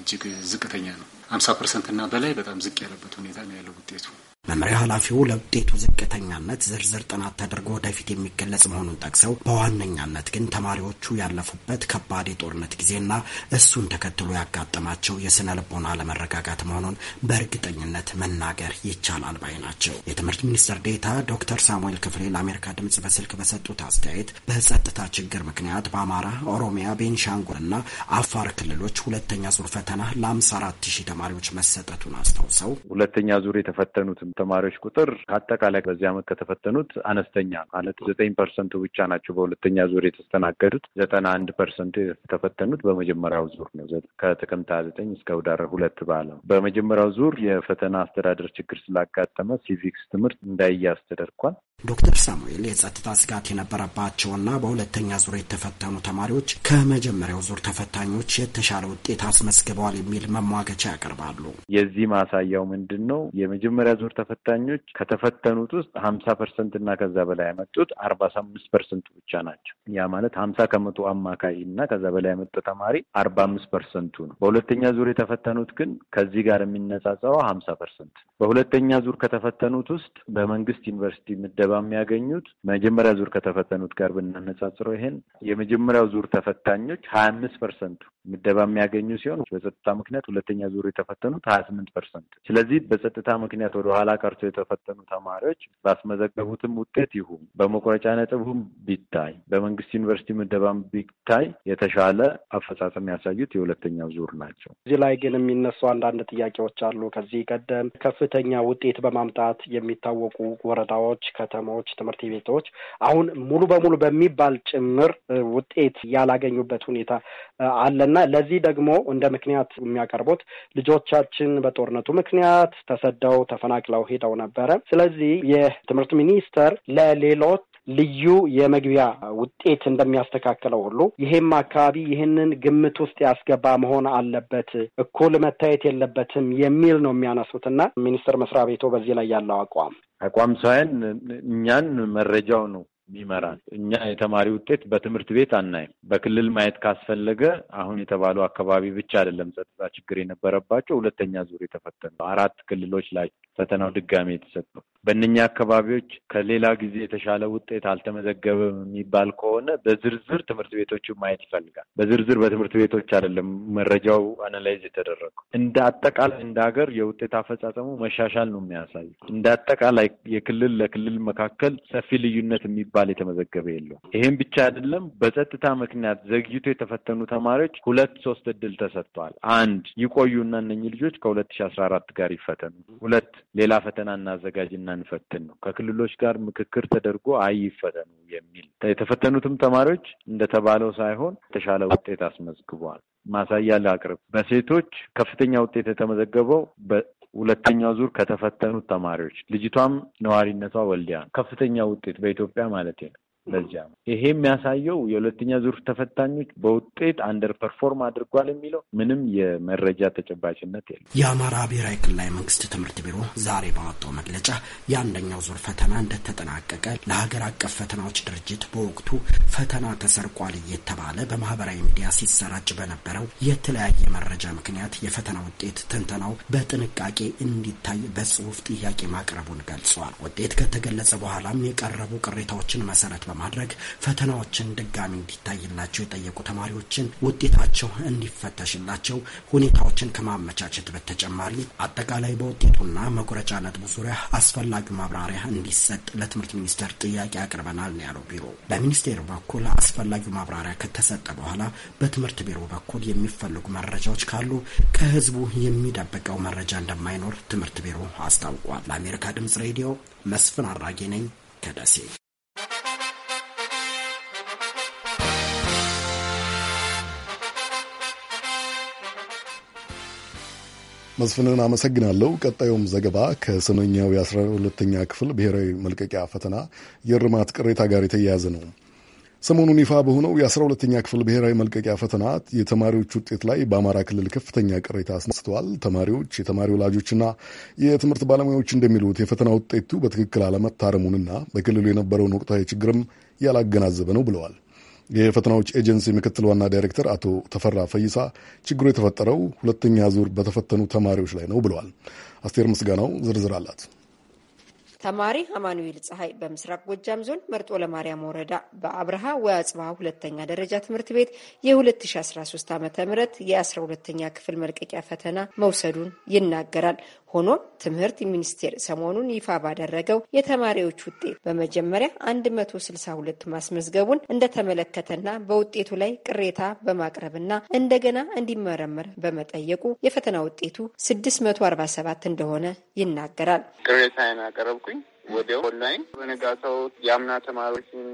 እጅግ ዝቅተኛ ነው። አምሳ ፐርሰንትና በላይ በጣም ዝቅ ያለበት ሁኔታ ነው ያለው ውጤቱ መምሪያ ኃላፊው ለውጤቱ ዝቅተኛነት ዝርዝር ጥናት ተደርጎ ወደፊት የሚገለጽ መሆኑን ጠቅሰው በዋነኛነት ግን ተማሪዎቹ ያለፉበት ከባድ የጦርነት ጊዜና እሱን ተከትሎ ያጋጠማቸው የስነ ልቦና አለመረጋጋት መሆኑን በእርግጠኝነት መናገር ይቻላል ባይ ናቸው። የትምህርት ሚኒስትር ዴታ ዶክተር ሳሙኤል ክፍሌ ለአሜሪካ ድምጽ በስልክ በሰጡት አስተያየት በጸጥታ ችግር ምክንያት በአማራ፣ ኦሮሚያ፣ እና አፋር ክልሎች ሁለተኛ ዙር ፈተና ለ54 ሺህ ተማሪዎች መሰጠቱን አስታውሰው ሁለተኛ ዙር የተፈተኑትም ተማሪዎች ቁጥር ከአጠቃላይ በዚህ ዓመት ከተፈተኑት አነስተኛ ማለት ዘጠኝ ፐርሰንቱ ብቻ ናቸው በሁለተኛ ዙር የተስተናገዱት። ዘጠና አንድ ፐርሰንቱ የተፈተኑት በመጀመሪያው ዙር ነው። ከጥቅምት ሀያ ዘጠኝ እስከ ህዳር ሁለት ባለ በመጀመሪያው ዙር የፈተና አስተዳደር ችግር ስላጋጠመ ሲቪክስ ትምህርት እንዳይያዝ ተደርጓል። ዶክተር ሳሙኤል የጸጥታ ስጋት የነበረባቸውና በሁለተኛ ዙር የተፈተኑ ተማሪዎች ከመጀመሪያው ዙር ተፈታኞች የተሻለ ውጤት አስመዝግበዋል የሚል መሟገቻ ያቀርባሉ። የዚህ ማሳያው ምንድን ነው? የመጀመሪያ ዙር ተፈታኞች ከተፈተኑት ውስጥ ሀምሳ ፐርሰንት እና ከዛ በላይ ያመጡት አርባ አምስት ፐርሰንት ብቻ ናቸው። ያ ማለት ሀምሳ ከመቶ አማካይ እና ከዛ በላይ ያመጡ ተማሪ አርባ አምስት ፐርሰንቱ ነው። በሁለተኛ ዙር የተፈተኑት ግን ከዚህ ጋር የሚነጻጸረው ሀምሳ ፐርሰንት። በሁለተኛ ዙር ከተፈተኑት ውስጥ በመንግስት ዩኒቨርሲቲ ምደባ የሚያገኙት መጀመሪያ ዙር ከተፈተኑት ጋር ብናነጻጽረው ይሄን የመጀመሪያው ዙር ተፈታኞች ሀያ አምስት ፐርሰንቱ ምደባ የሚያገኙ ሲሆን በጸጥታ ምክንያት ሁለተኛ ዙር የተፈተኑት ሀያ ስምንት ፐርሰንት። ስለዚህ በጸጥታ ምክንያት ወደኋላ ቀርቶ የተፈተኑ ተማሪዎች ባስመዘገቡትም ውጤት ይሁን በመቁረጫ ነጥቡም ቢታይ በመንግስት ዩኒቨርሲቲ ምደባም ቢታይ የተሻለ አፈጻጸም ያሳዩት የሁለተኛው ዙር ናቸው። እዚህ ላይ ግን የሚነሱ አንዳንድ ጥያቄዎች አሉ። ከዚህ ቀደም ከፍተኛ ውጤት በማምጣት የሚታወቁ ወረዳዎች፣ ከተሞች፣ ትምህርት ቤቶች አሁን ሙሉ በሙሉ በሚባል ጭምር ውጤት ያላገኙበት ሁኔታ አለና ለዚህ ደግሞ እንደ ምክንያት የሚያቀርቡት ልጆቻችን በጦርነቱ ምክንያት ተሰደው ተፈናቅለው ሄደው ነበረ። ስለዚህ የትምህርት ሚኒስቴር ለሌሎች ልዩ የመግቢያ ውጤት እንደሚያስተካክለው ሁሉ ይሄም አካባቢ ይህንን ግምት ውስጥ ያስገባ መሆን አለበት፣ እኩል መታየት የለበትም የሚል ነው የሚያነሱትና ሚኒስቴር መስሪያ ቤቱ በዚህ ላይ ያለው አቋም አቋም ሳይሆን እኛን መረጃው ነው የሚመራን። እኛ የተማሪ ውጤት በትምህርት ቤት አናይም። በክልል ማየት ካስፈለገ አሁን የተባሉ አካባቢ ብቻ አይደለም ጸጥታ ችግር የነበረባቸው ሁለተኛ ዙር የተፈተኑ አራት ክልሎች ላይ ፈተናው ድጋሜ የተሰጠው በእነኛ አካባቢዎች ከሌላ ጊዜ የተሻለ ውጤት አልተመዘገበም የሚባል ከሆነ በዝርዝር ትምህርት ቤቶቹ ማየት ይፈልጋል። በዝርዝር በትምህርት ቤቶች አይደለም መረጃው አናላይዝ የተደረገው። እንደ አጠቃላይ እንደ ሀገር የውጤት አፈጻጸሙ መሻሻል ነው የሚያሳይ። እንደ አጠቃላይ የክልል ለክልል መካከል ሰፊ ልዩነት የሚባል የሚባል የተመዘገበ የለው። ይህም ብቻ አይደለም። በጸጥታ ምክንያት ዘግይቶ የተፈተኑ ተማሪዎች ሁለት ሶስት እድል ተሰጥተዋል። አንድ ይቆዩና እነኚህ ልጆች ከሁለት ሺ አስራ አራት ጋር ይፈተኑ፣ ሁለት ሌላ ፈተና እናዘጋጅና እንፈትን ነው ከክልሎች ጋር ምክክር ተደርጎ አይ ይፈተኑ የሚል የተፈተኑትም ተማሪዎች እንደተባለው ሳይሆን የተሻለ ውጤት አስመዝግቧል። ማሳያ ላቅርብ። በሴቶች ከፍተኛ ውጤት የተመዘገበው ሁለተኛው ዙር ከተፈተኑት ተማሪዎች ልጅቷም ነዋሪነቷ ወልዲያ ነው። ከፍተኛ ውጤት በኢትዮጵያ ማለት ነው። ለዚያ ነው ይሄ የሚያሳየው የሁለተኛ ዙር ተፈታኞች በውጤት አንደር ፐርፎርም አድርጓል የሚለው ምንም የመረጃ ተጨባጭነት የለም። የአማራ ብሔራዊ ክልላዊ መንግስት ትምህርት ቢሮ ዛሬ ባወጣው መግለጫ የአንደኛው ዙር ፈተና እንደተጠናቀቀ ለሀገር አቀፍ ፈተናዎች ድርጅት በወቅቱ ፈተና ተሰርቋል እየተባለ በማህበራዊ ሚዲያ ሲሰራጭ በነበረው የተለያየ መረጃ ምክንያት የፈተና ውጤት ትንተናው በጥንቃቄ እንዲታይ በጽሁፍ ጥያቄ ማቅረቡን ገልጿል። ውጤት ከተገለጸ በኋላም የቀረቡ ቅሬታዎችን መሰረት በማድረግ ፈተናዎችን ድጋሚ እንዲታይላቸው የጠየቁ ተማሪዎችን ውጤታቸው እንዲፈተሽላቸው ሁኔታዎችን ከማመቻቸት በተጨማሪ አጠቃላይ በውጤቱና መቁረጫ ነጥቡ ዙሪያ አስፈላጊ ማብራሪያ እንዲሰጥ ለትምህርት ሚኒስቴር ጥያቄ አቅርበናል ነው ያለው ቢሮ። በሚኒስቴር በኩል አስፈላጊው ማብራሪያ ከተሰጠ በኋላ በትምህርት ቢሮ በኩል የሚፈልጉ መረጃዎች ካሉ ከህዝቡ የሚደብቀው መረጃ እንደማይኖር ትምህርት ቢሮ አስታውቋል። ለአሜሪካ ድምጽ ሬዲዮ መስፍን አራጌ ነኝ ከደሴ። መስፍንን አመሰግናለሁ። ቀጣዩም ዘገባ ከሰነኛው የአስራ ሁለተኛ ክፍል ብሔራዊ መልቀቂያ ፈተና የእርማት ቅሬታ ጋር የተያያዘ ነው። ሰሞኑን ይፋ በሆነው የአስራ ሁለተኛ ክፍል ብሔራዊ መልቀቂያ ፈተና የተማሪዎች ውጤት ላይ በአማራ ክልል ከፍተኛ ቅሬታ አስነስተዋል። ተማሪዎች፣ የተማሪ ወላጆችና የትምህርት ባለሙያዎች እንደሚሉት የፈተና ውጤቱ በትክክል አለመታረሙንና በክልሉ የነበረውን ወቅታዊ ችግርም ያላገናዘበ ነው ብለዋል። የፈተናዎች ኤጀንሲ ምክትል ዋና ዳይሬክተር አቶ ተፈራ ፈይሳ ችግሩ የተፈጠረው ሁለተኛ ዙር በተፈተኑ ተማሪዎች ላይ ነው ብለዋል። አስቴር ምስጋናው ዝርዝር አላት። ተማሪ አማኑኤል ፀሐይ በምስራቅ ጎጃም ዞን መርጦ ለማርያም ወረዳ በአብርሃ ወአጽብሃ ሁለተኛ ደረጃ ትምህርት ቤት የ2013 ዓ ም የ12ተኛ ክፍል መልቀቂያ ፈተና መውሰዱን ይናገራል። ሆኖም ትምህርት ሚኒስቴር ሰሞኑን ይፋ ባደረገው የተማሪዎች ውጤት በመጀመሪያ 162 ማስመዝገቡን እንደተመለከተና በውጤቱ ላይ ቅሬታ በማቅረብና እንደገና እንዲመረመር በመጠየቁ የፈተና ውጤቱ 647 እንደሆነ ይናገራል። ቅሬታ ያቀረብኩኝ ወዲያው ኦንላይን በነጋታው የአምና ተማሪዎችን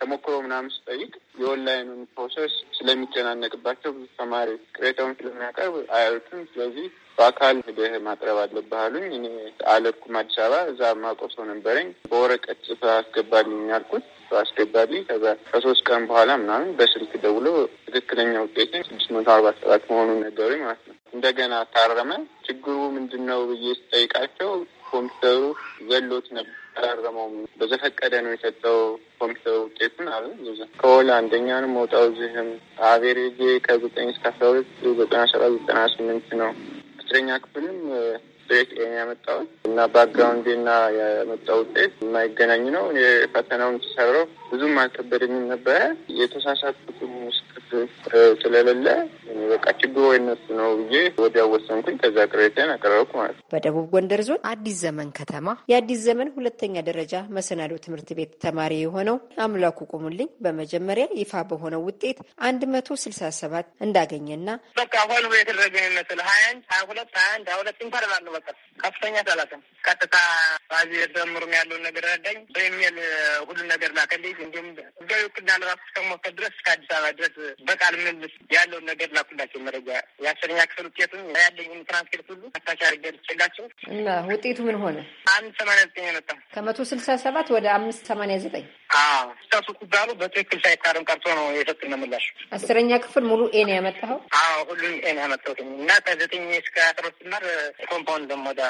ተሞክሮ ምናምን ስጠይቅ የኦንላይኑን ፕሮሰስ ስለሚጨናነቅባቸው ብዙ ተማሪ ቅሬታውን ስለሚያቀርብ አያዩትም። ስለዚህ በአካል ሄደህ ማቅረብ አለብህ አሉኝ። እኔ አለርኩም አዲስ አበባ እዛ ማውቀው ሰው ነበረኝ። በወረቀት ጽፈ አስገባልኝ ያልኩት አስገባልኝ። ከዛ ከሶስት ቀን በኋላ ምናምን በስልክ ደውሎ ትክክለኛ ውጤትን ስድስት መቶ አርባ ሰባት መሆኑን ነገሩኝ ማለት ነው። እንደገና ታረመ። ችግሩ ምንድን ነው ብዬ ስጠይቃቸው ኮምፒውተሩ ገሎት ነበር አላረመውም። በዘፈቀደ ነው የሰጠው ኮምፒውተር ውጤቱን አለ ከወል አንደኛ ነው መውጣው። እዚህም አቬሬጅ ከዘጠኝ እስከ አስራ ሁለት ዘጠና ሰባት ዘጠና ስምንት ነው። አስረኛ ክፍልም ስሬት ኤን ያመጣውን እና ባክግራውንድ እና ያመጣው ውጤት የማይገናኝ ነው። የፈተናውን ተሰራው ብዙም አልከበደኝም ነበረ የተሳሳትኩት ውስጥ ስለሌለ በቃ ችግሩ የነሱ ነው ብዬ ወዲያ ወሰንኩኝ። ከዛ ቅሬታን አቀረብኩ ማለት ነው። በደቡብ ጎንደር ዞን አዲስ ዘመን ከተማ የአዲስ ዘመን ሁለተኛ ደረጃ መሰናዶ ትምህርት ቤት ተማሪ የሆነው አምላኩ ቁሙልኝ በመጀመሪያ ይፋ በሆነው ውጤት አንድ መቶ ስልሳ ሰባት እንዳገኘና በቃ ሆን ብሎ የተደረገ ይመስል ሀያ አንድ ሀያ ሁለት ሀያ አንድ ሀያ ሁለት ኢንተር በቃ ከፍተኛ ሰላትም ቀጥታ ባዚ ደምሩም ያለውን ነገር ረዳኝ በሚል ሁሉን ነገር ላከልኝ እንዲሁም ህጋዊ ውክልና ለራሱ እስከመውሰድ ድረስ እስከ አዲስ አበባ ድረስ በቃል ምልልስ ያለውን ነገር ላኩ ላቸው መረጃ የአስረኛ ክፍል ውጤቱን ያለኝም ትራንስክሪፕት ሁሉ አታች አድርጌ ልስላቸው እና ውጤቱ ምን ሆነ? አንድ ሰማንያ ዘጠኝ መጣ ከመቶ ስልሳ ሰባት ወደ አምስት ሰማንያ ዘጠኝ ስተቱ ኩባሉ በትክክል ሳይታረም ቀርቶ ነው የሰጡን ነው ምላሽ። አስረኛ ክፍል ሙሉ ኤን ያመጣኸው? አዎ ሁሉም ኤን ያመጣሁት እና ከዘጠኝ እስከ አስራ ስማር ኮምፓውንድ ደሞ ወደ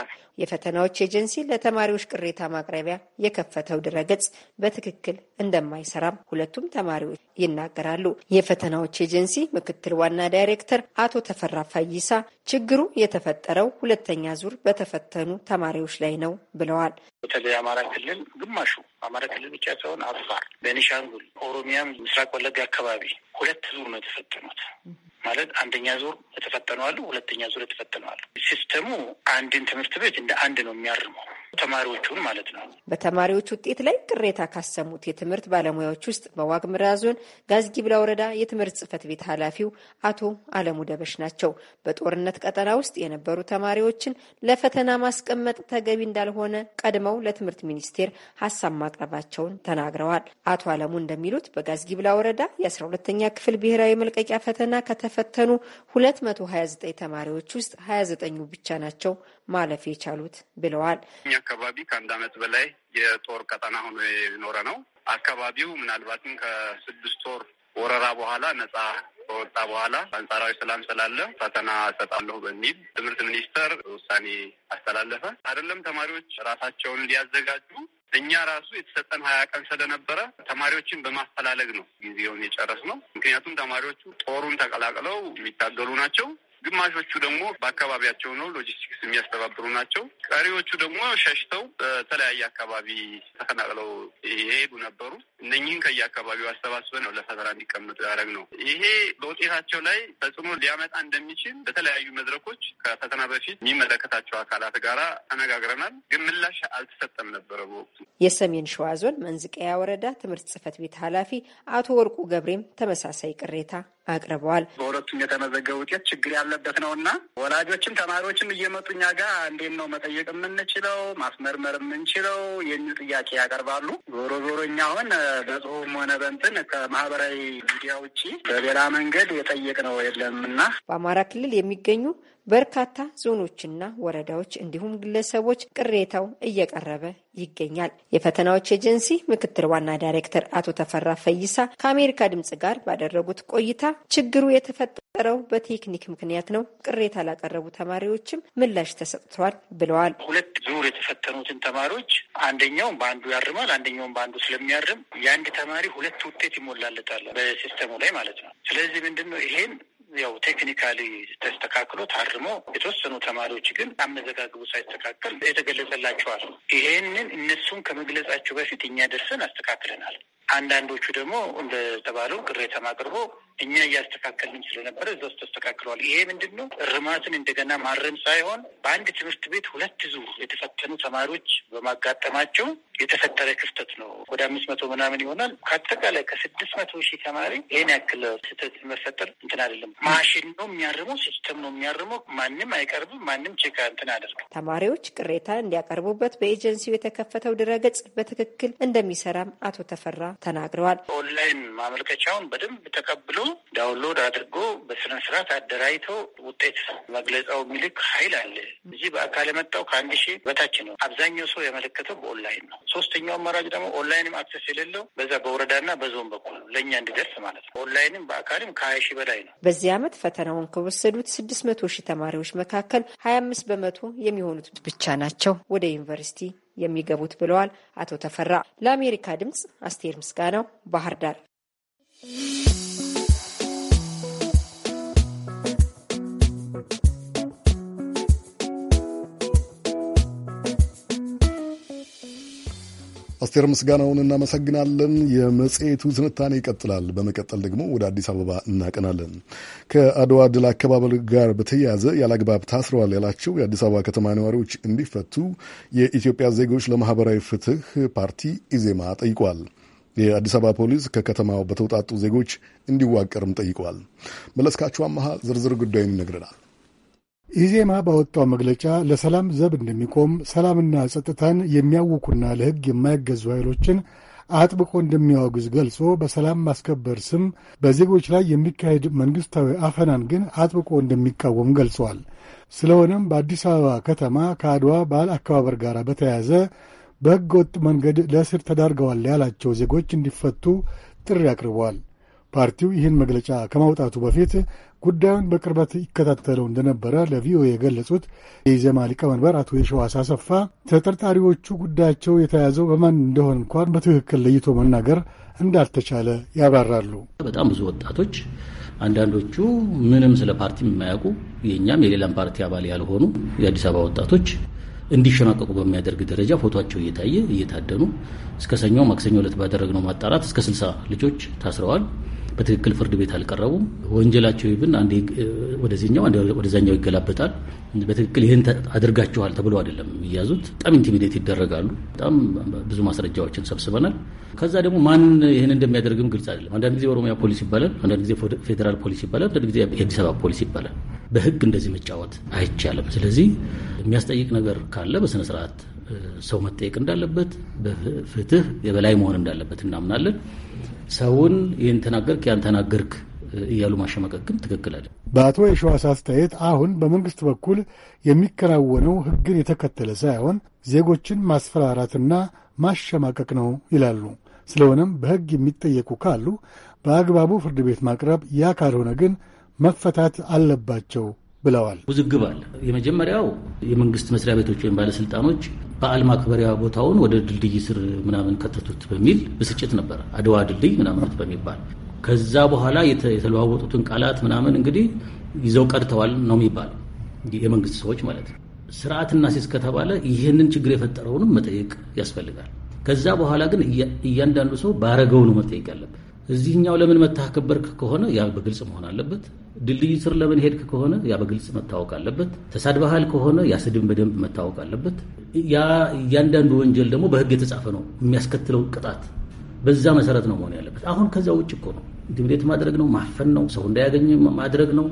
የፈተናዎች ኤጀንሲ ለተማሪዎች ቅሬታ ማቅረቢያ የከፈተው ድረገጽ በትክክል እንደማይሰራም ሁለቱም ተማሪዎች ይናገራሉ። የፈተናዎች ኤጀንሲ ምክትል ዋና ዳይሬ ዳይሬክተር አቶ ተፈራ ፈይሳ ችግሩ የተፈጠረው ሁለተኛ ዙር በተፈተኑ ተማሪዎች ላይ ነው ብለዋል። በተለይ አማራ ክልል ግማሹ አማራ ክልል ብቻ ሳይሆን አፋር፣ ቤኒሻንጉል፣ ኦሮሚያም ምስራቅ ወለጋ አካባቢ ሁለት ዙር ነው የተፈተኑት። ማለት አንደኛ ዙር የተፈተነዋሉ፣ ሁለተኛ ዙር የተፈተነዋሉ። ሲስተሙ አንድን ትምህርት ቤት እንደ አንድ ነው የሚያርመው ተማሪዎቹን ማለት ነው። በተማሪዎች ውጤት ላይ ቅሬታ ካሰሙት የትምህርት ባለሙያዎች ውስጥ በዋግ ኽምራ ጋዝጊ ብላ ወረዳ የትምህርት ጽህፈት ቤት ኃላፊው አቶ አለሙ ደበሽ ናቸው። በጦርነት ቀጠና ውስጥ የነበሩ ተማሪዎችን ለፈተና ማስቀመጥ ተገቢ እንዳልሆነ ቀድመው ለትምህርት ሚኒስቴር ሀሳብ ማቅረባቸውን ተናግረዋል። አቶ አለሙ እንደሚሉት ብላ ወረዳ የአስራ ሁለተኛ ክፍል ብሔራዊ መልቀቂያ ፈተና ከተፈ ከተፈተኑ 229 ተማሪዎች ውስጥ 29ኙ ብቻ ናቸው ማለፍ የቻሉት ብለዋል። እኛ አካባቢ ከአንድ ዓመት በላይ የጦር ቀጠና ሆኖ የኖረ ነው። አካባቢው ምናልባትም ከስድስት ወር ወረራ በኋላ ነጻ ከወጣ በኋላ አንጻራዊ ሰላም ስላለ ፈተና እሰጣለሁ በሚል ትምህርት ሚኒስቴር ውሳኔ አስተላለፈ። አይደለም ተማሪዎች ራሳቸውን ሊያዘጋጁ እኛ ራሱ የተሰጠን ሀያ ቀን ስለነበረ ተማሪዎችን በማፈላለግ ነው ጊዜውን የጨረስ ነው። ምክንያቱም ተማሪዎቹ ጦሩን ተቀላቅለው የሚታገሉ ናቸው። ግማሾቹ ደግሞ በአካባቢያቸው ነው ሎጂስቲክስ የሚያስተባብሩ ናቸው። ቀሪዎቹ ደግሞ ሸሽተው በተለያየ አካባቢ ተፈናቅለው የሄዱ ነበሩ። እነኚህን ከየአካባቢው አሰባስበ ነው ለፈተራ እንዲቀመጡ ያደረግ ነው። ይሄ በውጤታቸው ላይ ተጽዕኖ ሊያመጣ እንደሚችል በተለያዩ መድረኮች ከፈተና በፊት የሚመለከታቸው አካላት ጋራ ተነጋግረናል። ግን ምላሽ አልተሰጠም ነበረ። በወቅቱ የሰሜን ሸዋ ዞን መንዝቀያ ወረዳ ትምህርት ጽህፈት ቤት ኃላፊ አቶ ወርቁ ገብሬም ተመሳሳይ ቅሬታ አቅርበዋል። በሁለቱም የተመዘገበ ውጤት ችግር ያለበት ነው እና ወላጆችም ተማሪዎችም እየመጡ እኛ ጋር እንዴት ነው መጠየቅ የምንችለው ማስመርመር የምንችለው የሚል ጥያቄ ያቀርባሉ። ዞሮ ዞሮ እኛ አሁን በጽሁም ሆነ በንትን ከማህበራዊ ሚዲያ ውጭ በሌላ መንገድ የጠየቅ ነው የለም እና በአማራ ክልል የሚገኙ በርካታ ዞኖችና ወረዳዎች እንዲሁም ግለሰቦች ቅሬታው እየቀረበ ይገኛል። የፈተናዎች ኤጀንሲ ምክትል ዋና ዳይሬክተር አቶ ተፈራ ፈይሳ ከአሜሪካ ድምጽ ጋር ባደረጉት ቆይታ ችግሩ የተፈጠረው በቴክኒክ ምክንያት ነው፣ ቅሬታ ላቀረቡ ተማሪዎችም ምላሽ ተሰጥቷል ብለዋል። ሁለት ዙር የተፈተኑትን ተማሪዎች አንደኛውም በአንዱ ያርማል፣ አንደኛውም በአንዱ ስለሚያርም የአንድ ተማሪ ሁለት ውጤት ይሞላለታል በሲስተሙ ላይ ማለት ነው። ስለዚህ ምንድን ነው ይሄን ያው ቴክኒካሊ ተስተካክሎ ታርሞ የተወሰኑ ተማሪዎች ግን አመዘጋግቡ ሳይስተካከል የተገለጸላቸዋል። ይሄንን እነሱን ከመግለጻቸው በፊት እኛ ደርሰን አስተካክለናል። አንዳንዶቹ ደግሞ እንደተባለው ቅሬታ አቅርቦ እኛ እያስተካከልንም ስለነበረ እዛ ውስጥ ተስተካክለዋል። ይሄ ምንድን ነው እርማትን እንደገና ማረም ሳይሆን በአንድ ትምህርት ቤት ሁለት ዙር የተፈተኑ ተማሪዎች በማጋጠማቸው የተፈጠረ ክፍተት ነው። ወደ አምስት መቶ ምናምን ይሆናል። ከአጠቃላይ ከስድስት መቶ ሺህ ተማሪ ይህን ያክል ስህተት መፈጠር እንትን አይደለም። ማሽን ነው የሚያርመው፣ ሲስተም ነው የሚያርመው። ማንም አይቀርብም፣ ማንም ቼክ እንትን አደርግም። ተማሪዎች ቅሬታ እንዲያቀርቡበት በኤጀንሲው የተከፈተው ድረገጽ በትክክል እንደሚሰራም አቶ ተፈራ ተናግረዋል። ኦንላይን ማመልከቻውን በደንብ ተቀብሎ ዳውንሎድ አድርጎ በስነ ስርዓት አደራጅቶ ውጤት መግለጫው ሚልክ ሀይል አለ እዚህ በአካል የመጣው ከአንድ ሺህ በታች ነው። አብዛኛው ሰው የመለከተው በኦንላይን ነው። ሶስተኛው አማራጭ ደግሞ ኦንላይንም አክሰስ የሌለው በዛ በወረዳና በዞን በኩል ለእኛ እንዲደርስ ማለት ነው። ኦንላይንም በአካልም ከሀያ ሺህ በላይ ነው። በዚህ ዓመት ፈተናውን ከወሰዱት ስድስት መቶ ሺህ ተማሪዎች መካከል ሀያ አምስት በመቶ የሚሆኑት ብቻ ናቸው ወደ ዩኒቨርሲቲ የሚገቡት ብለዋል አቶ ተፈራ። ለአሜሪካ ድምፅ አስቴር ምስጋናው ባህር ዳር። አስቴር ምስጋናውን እናመሰግናለን። የመጽሔቱ ትንታኔ ይቀጥላል። በመቀጠል ደግሞ ወደ አዲስ አበባ እናቀናለን። ከአድዋ ድል አከባበር ጋር በተያያዘ ያለአግባብ ታስረዋል ያላቸው የአዲስ አበባ ከተማ ነዋሪዎች እንዲፈቱ የኢትዮጵያ ዜጎች ለማህበራዊ ፍትህ ፓርቲ ኢዜማ ጠይቋል። የአዲስ አበባ ፖሊስ ከከተማው በተውጣጡ ዜጎች እንዲዋቀርም ጠይቀዋል። መለስካቸው አመሃ ዝርዝር ጉዳዩን ይነግረናል። ኢዜማ ባወጣው መግለጫ ለሰላም ዘብ እንደሚቆም፣ ሰላምና ጸጥታን የሚያውኩና ለሕግ የማይገዙ ኃይሎችን አጥብቆ እንደሚያወግዝ ገልጾ በሰላም ማስከበር ስም በዜጎች ላይ የሚካሄድ መንግሥታዊ አፈናን ግን አጥብቆ እንደሚቃወም ገልጿል። ስለሆነም በአዲስ አበባ ከተማ ከአድዋ በዓል አከባበር ጋር በተያያዘ በሕገ ወጥ መንገድ ለእስር ተዳርገዋል ያላቸው ዜጎች እንዲፈቱ ጥሪ አቅርቧል። ፓርቲው ይህን መግለጫ ከማውጣቱ በፊት ጉዳዩን በቅርበት ይከታተለው እንደነበረ ለቪኦኤ የገለጹት የኢዜማ ሊቀመንበር አቶ የሸዋስ አሰፋ ተጠርጣሪዎቹ ጉዳያቸው የተያዘው በማን እንደሆነ እንኳን በትክክል ለይቶ መናገር እንዳልተቻለ ያብራራሉ። በጣም ብዙ ወጣቶች አንዳንዶቹ ምንም ስለ ፓርቲ የማያውቁ የእኛም የሌላም ፓርቲ አባል ያልሆኑ የአዲስ አበባ ወጣቶች እንዲሸናቀቁ በሚያደርግ ደረጃ ፎቶቸው እየታየ እየታደኑ እስከ ሰኞ ማክሰኞ ዕለት ባደረግነው ማጣራት እስከ ስልሳ ልጆች ታስረዋል። በትክክል ፍርድ ቤት አልቀረቡም። ወንጀላቸው ይብን አንድ ወደዚህኛው አንድ ወደዛኛው ይገላበጣል። በትክክል ይህን አድርጋችኋል ተብሎ አይደለም የሚያዙት። በጣም ኢንቲሚዴት ይደረጋሉ። በጣም ብዙ ማስረጃዎችን ሰብስበናል። ከዛ ደግሞ ማን ይህን እንደሚያደርግም ግልጽ አይደለም። አንዳንድ ጊዜ ኦሮሚያ ፖሊስ ይባላል፣ አንዳንድ ጊዜ ፌዴራል ፖሊስ ይባላል፣ አንዳንድ ጊዜ የአዲስ አበባ ፖሊስ ይባላል። በህግ እንደዚህ መጫወት አይቻልም። ስለዚህ የሚያስጠይቅ ነገር ካለ በስነስርዓት ሰው መጠየቅ እንዳለበት በፍትህ የበላይ መሆን እንዳለበት እናምናለን። ሰውን ይህን ተናገርክ ያን ተናገርክ እያሉ ማሸማቀቅ ግን ትክክል አለ። በአቶ የሸዋስ አስተያየት አሁን በመንግስት በኩል የሚከናወነው ህግን የተከተለ ሳይሆን ዜጎችን ማስፈራራትና ማሸማቀቅ ነው ይላሉ። ስለሆነም በህግ የሚጠየቁ ካሉ በአግባቡ ፍርድ ቤት ማቅረብ፣ ያ ካልሆነ ግን መፈታት አለባቸው ብለዋል። ውዝግብ አለ። የመጀመሪያው የመንግስት መስሪያ ቤቶች ወይም ባለስልጣኖች በዓል ማክበሪያ ቦታውን ወደ ድልድይ ስር ምናምን ከተቱት በሚል ብስጭት ነበረ። አድዋ ድልድይ ምናምን በሚባል ከዛ በኋላ የተለዋወጡትን ቃላት ምናምን እንግዲህ ይዘው ቀድተዋል ነው የሚባለው የመንግስት ሰዎች ማለት ነው። ስርዓትና ሴስ ከተባለ ይህንን ችግር የፈጠረውንም መጠየቅ ያስፈልጋል። ከዛ በኋላ ግን እያንዳንዱ ሰው ባረገው ነው መጠየቅ ያለበት። እዚህኛው ለምን መታህ ከበርክ ከሆነ ያ በግልጽ መሆን አለበት። ድልድይ ስር ለምን ሄድክ ከሆነ ያ በግልጽ መታወቅ አለበት። ተሳድበሃል ከሆነ ያ ስድብ በደንብ መታወቅ አለበት። ያ እያንዳንዱ ወንጀል ደግሞ በህግ የተጻፈ ነው የሚያስከትለው ቅጣት በዛ መሰረት ነው መሆን ያለበት። አሁን ከዛ ውጭ እኮ ነው ኢንቲሚዴት ማድረግ ነው ማፈን ነው ሰው እንዳያገኝ ማድረግ ነው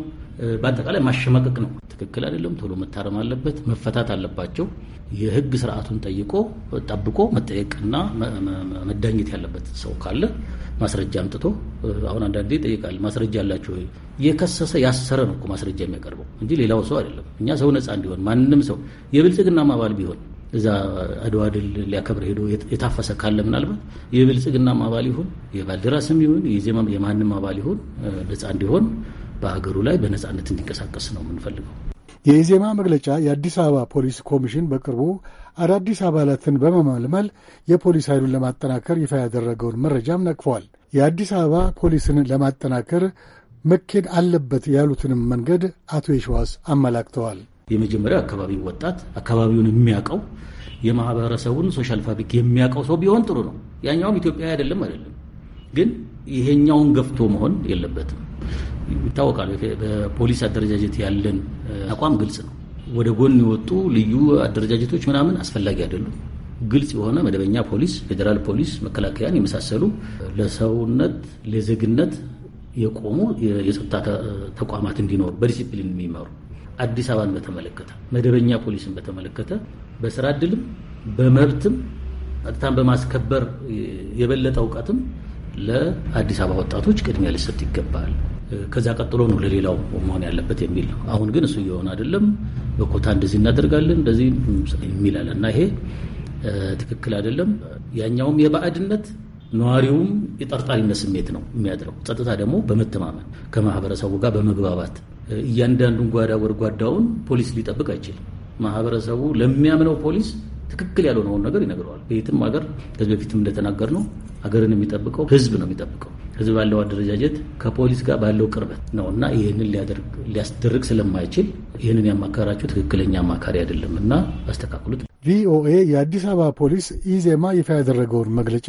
በአጠቃላይ ማሸማቀቅ ነው። ትክክል አይደለም። ቶሎ መታረም አለበት፣ መፈታት አለባቸው። የህግ ስርዓቱን ጠይቆ ጠብቆ መጠየቅና መዳኘት ያለበት ሰው ካለ ማስረጃ አምጥቶ አሁን አንዳንዴ ይጠይቃል። ማስረጃ አላቸው? የከሰሰ ያሰረ ነው እኮ ማስረጃ የሚያቀርበው እንጂ ሌላው ሰው አይደለም። እኛ ሰው ነፃ እንዲሆን ማንም ሰው የብልጽግና አባል ቢሆን እዛ አድዋ ድል ሊያከብር ሄዶ የታፈሰ ካለ ምናልባት የብልጽግና አባል ይሁን የባልደራስም ይሁን የማንም አባል ይሁን ነፃ እንዲሆን በሀገሩ ላይ በነጻነት እንዲንቀሳቀስ ነው የምንፈልገው። የኢዜማ መግለጫ የአዲስ አበባ ፖሊስ ኮሚሽን በቅርቡ አዳዲስ አባላትን በመመልመል የፖሊስ ኃይሉን ለማጠናከር ይፋ ያደረገውን መረጃም ነቅፈዋል። የአዲስ አበባ ፖሊስን ለማጠናከር መኬድ አለበት ያሉትንም መንገድ አቶ የሸዋስ አመላክተዋል። የመጀመሪያው አካባቢው ወጣት አካባቢውን የሚያውቀው የማህበረሰቡን ሶሻል ፋብሪክ የሚያውቀው ሰው ቢሆን ጥሩ ነው። ያኛውም ኢትዮጵያ አይደለም አይደለም፣ ግን ይሄኛውን ገፍቶ መሆን የለበትም። ይታወቃል። በፖሊስ አደረጃጀት ያለን አቋም ግልጽ ነው። ወደ ጎን የወጡ ልዩ አደረጃጀቶች ምናምን አስፈላጊ አይደሉም። ግልጽ የሆነ መደበኛ ፖሊስ፣ ፌዴራል ፖሊስ፣ መከላከያን የመሳሰሉ ለሰውነት ለዜግነት የቆሙ የጸጥታ ተቋማት እንዲኖሩ በዲሲፕሊን የሚመሩ አዲስ አበባን በተመለከተ መደበኛ ፖሊስን በተመለከተ በስራ እድልም በመብትም ጸጥታን በማስከበር የበለጠ እውቀትም ለአዲስ አበባ ወጣቶች ቅድሚያ ሊሰጥ ይገባል። ከዛ ቀጥሎ ነው ለሌላው መሆን ያለበት የሚል አሁን ግን እሱ እየሆነ አይደለም። በኮታ እንደዚህ እናደርጋለን እንደዚህ የሚላል እና ይሄ ትክክል አይደለም። ያኛውም የባዕድነት ነዋሪውም የጠርጣሪነት ስሜት ነው የሚያድረው። ጸጥታ ደግሞ በመተማመን ከማህበረሰቡ ጋር በመግባባት እያንዳንዱን ጓዳ ወርጓዳውን ፖሊስ ሊጠብቅ አይችልም። ማህበረሰቡ ለሚያምነው ፖሊስ ትክክል ያልሆነውን ነገር ይነግረዋል። በየትም ሀገር ከዚህ በፊትም እንደተናገር ነው ሀገርን የሚጠብቀው ህዝብ ነው የሚጠብቀው ህዝብ ባለው አደረጃጀት ከፖሊስ ጋር ባለው ቅርበት ነው እና ይህንን ሊያስደርግ ስለማይችል ይህንን ያማከራቸው ትክክለኛ አማካሪ አይደለም እና አስተካክሉት። ቪኦኤ የአዲስ አበባ ፖሊስ ኢዜማ ይፋ ያደረገውን መግለጫ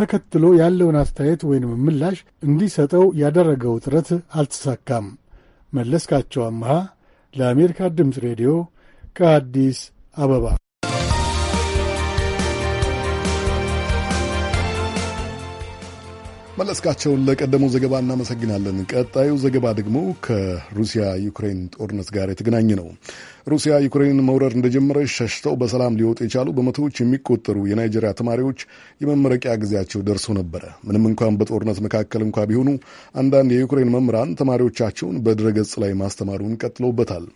ተከትሎ ያለውን አስተያየት ወይንም ምላሽ እንዲሰጠው ያደረገው ጥረት አልተሳካም። መለስካቸው አምሃ ለአሜሪካ ድምፅ ሬዲዮ ከአዲስ አበባ መለስካቸውን ለቀደመው ዘገባ እናመሰግናለን። ቀጣዩ ዘገባ ደግሞ ከሩሲያ ዩክሬን ጦርነት ጋር የተገናኘ ነው። ሩሲያ ዩክሬን መውረር እንደጀመረች ሸሽተው በሰላም ሊወጡ የቻሉ በመቶዎች የሚቆጠሩ የናይጄሪያ ተማሪዎች የመመረቂያ ጊዜያቸው ደርሶ ነበረ። ምንም እንኳን በጦርነት መካከል እንኳ ቢሆኑ አንዳንድ የዩክሬን መምህራን ተማሪዎቻቸውን በድረገጽ ላይ ማስተማሩን ቀጥለውበታል።